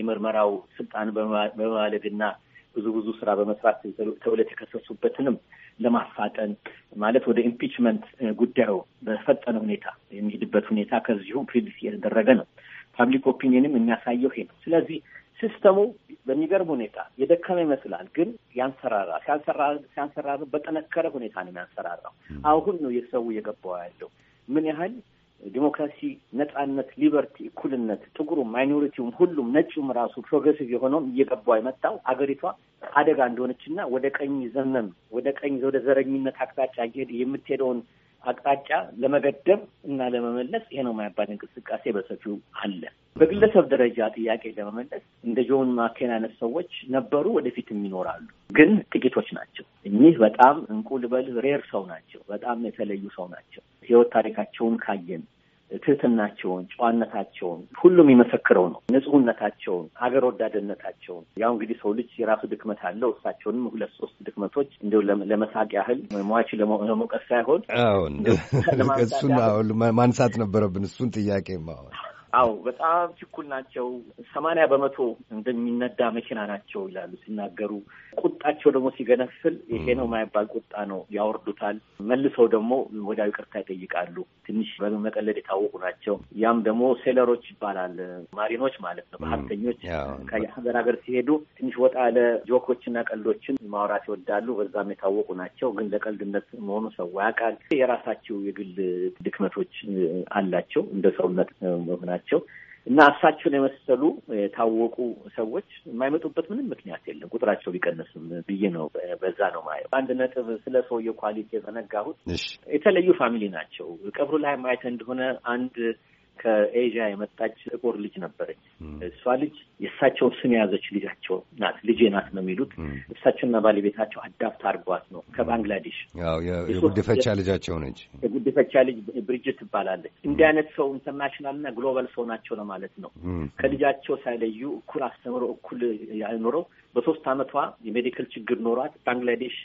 የምርመራው ስልጣን በማዋለድና ብዙ ብዙ ስራ በመስራት ተብለው የተከሰሱበትንም ለማፋጠን ማለት ወደ ኢምፒችመንት ጉዳዩ በፈጠነ ሁኔታ የሚሄድበት ሁኔታ ከዚሁ ፕሪዲስ እየተደረገ ነው። ፓብሊክ ኦፒኒየንም የሚያሳየው ይሄ ነው። ስለዚህ ሲስተሙ በሚገርም ሁኔታ የደከመ ይመስላል፣ ግን ያንሰራራ ሲያንሰራራ በጠነከረ ሁኔታ ነው ያንሰራራው። አሁን ነው የሰው እየገባው ያለው ምን ያህል ዲሞክራሲ፣ ነጻነት፣ ሊበርቲ፣ እኩልነት ጥቁሩም፣ ማይኖሪቲውም፣ ሁሉም ነጩም ራሱ ፕሮግሬሲቭ የሆነውም እየገባው የመጣው አገሪቷ አደጋ እንደሆነችና ወደ ቀኝ ዘመም ወደ ቀኝ ወደ ዘረኝነት አቅጣጫ እየሄድ የምትሄደውን አቅጣጫ ለመገደብ እና ለመመለስ ይሄ ነው የማይባል እንቅስቃሴ በሰፊው አለ። በግለሰብ ደረጃ ጥያቄ ለመመለስ እንደ ጆን ማኬን አይነት ሰዎች ነበሩ፣ ወደፊትም ይኖራሉ፣ ግን ጥቂቶች ናቸው። እኚህ በጣም እንቁ ልበልህ ሬር ሰው ናቸው። በጣም የተለዩ ሰው ናቸው። ህይወት ታሪካቸውን ካየን ትህትናቸውን፣ ጨዋነታቸውን ሁሉ የሚመሰክረው ነው። ንጹህነታቸውን፣ ሀገር ወዳድነታቸውን ያው እንግዲህ ሰው ልጅ የራሱ ድክመት አለው። እሳቸውንም ሁለት ሶስት ድክመቶች እንዲሁ ለመሳቅ ያህል ሟች ለመውቀስ ሳይሆን
እሱን ማንሳት ነበረብን። እሱን ጥያቄ ማሆን
አዎ በጣም ችኩል ናቸው። ሰማንያ በመቶ እንደሚነዳ መኪና ናቸው ይላሉ ሲናገሩ። ቁጣቸው ደግሞ ሲገነፍል ይሄ ነው የማይባል ቁጣ ነው፣ ያወርዱታል። መልሰው ደግሞ ወዲያው ይቅርታ ይጠይቃሉ። ትንሽ በመቀለድ የታወቁ ናቸው። ያም ደግሞ ሴለሮች ይባላል፣ ማሪኖች ማለት ነው። ባህርተኞች ከሀገር ሀገር ሲሄዱ ትንሽ ወጣ ያለ ጆኮችና ቀልዶችን ማውራት ይወዳሉ። በዛም የታወቁ ናቸው። ግን ለቀልድነት መሆኑ ሰው ያውቃል። የራሳቸው የግል ድክመቶች አላቸው እንደ ሰውነት መሆናቸው ናቸው እና እሳቸውን የመሰሉ የታወቁ ሰዎች የማይመጡበት ምንም ምክንያት የለም። ቁጥራቸው ቢቀንስም ብዬ ነው። በዛ ነው ማየው። አንድ ነጥብ ስለ ሰውየ ኳሊቲ የዘነጋሁት የተለዩ ፋሚሊ ናቸው። ቀብሩ ላይ ማየት እንደሆነ አንድ ከኤዥያ የመጣች ጥቁር ልጅ ነበረች። እሷ ልጅ የእሳቸውን ስም የያዘች ልጃቸው ናት፣ ልጄ ናት ነው የሚሉት። እሳቸውና ባለቤታቸው አዳፕት አድርጓት ነው ከባንግላዴሽ።
የጉድፈቻ ልጃቸው ነች።
የጉድፈቻ ልጅ ብርጅት ትባላለች። እንዲህ አይነት ሰው ኢንተርናሽናል ግሎባል ሰው ናቸው ለማለት ነው። ከልጃቸው ሳይለዩ እኩል አስተምረው እኩል ያኖረው በሶስት አመቷ የሜዲካል ችግር ኖሯት ባንግላዴሽ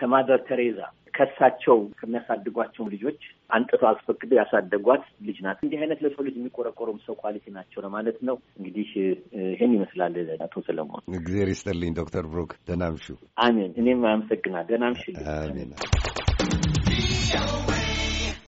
ከማደር ቴሬዛ ከሳቸው ከሚያሳድጓቸው ልጆች አንጥቶ አስፈቅደው ያሳደጓት ልጅ ናት። እንዲህ አይነት ለሰው ልጅ የሚቆረቆሩም ሰው ኳሊቲ ናቸው ለማለት ነው። እንግዲህ ይህን ይመስላል። አቶ
ሰለሞን እግዜር ይስጥልኝ። ዶክተር ብሩክ ደህና እምሹ። አሜን። እኔም አመሰግናል። ደህና እምሹ። አሜን።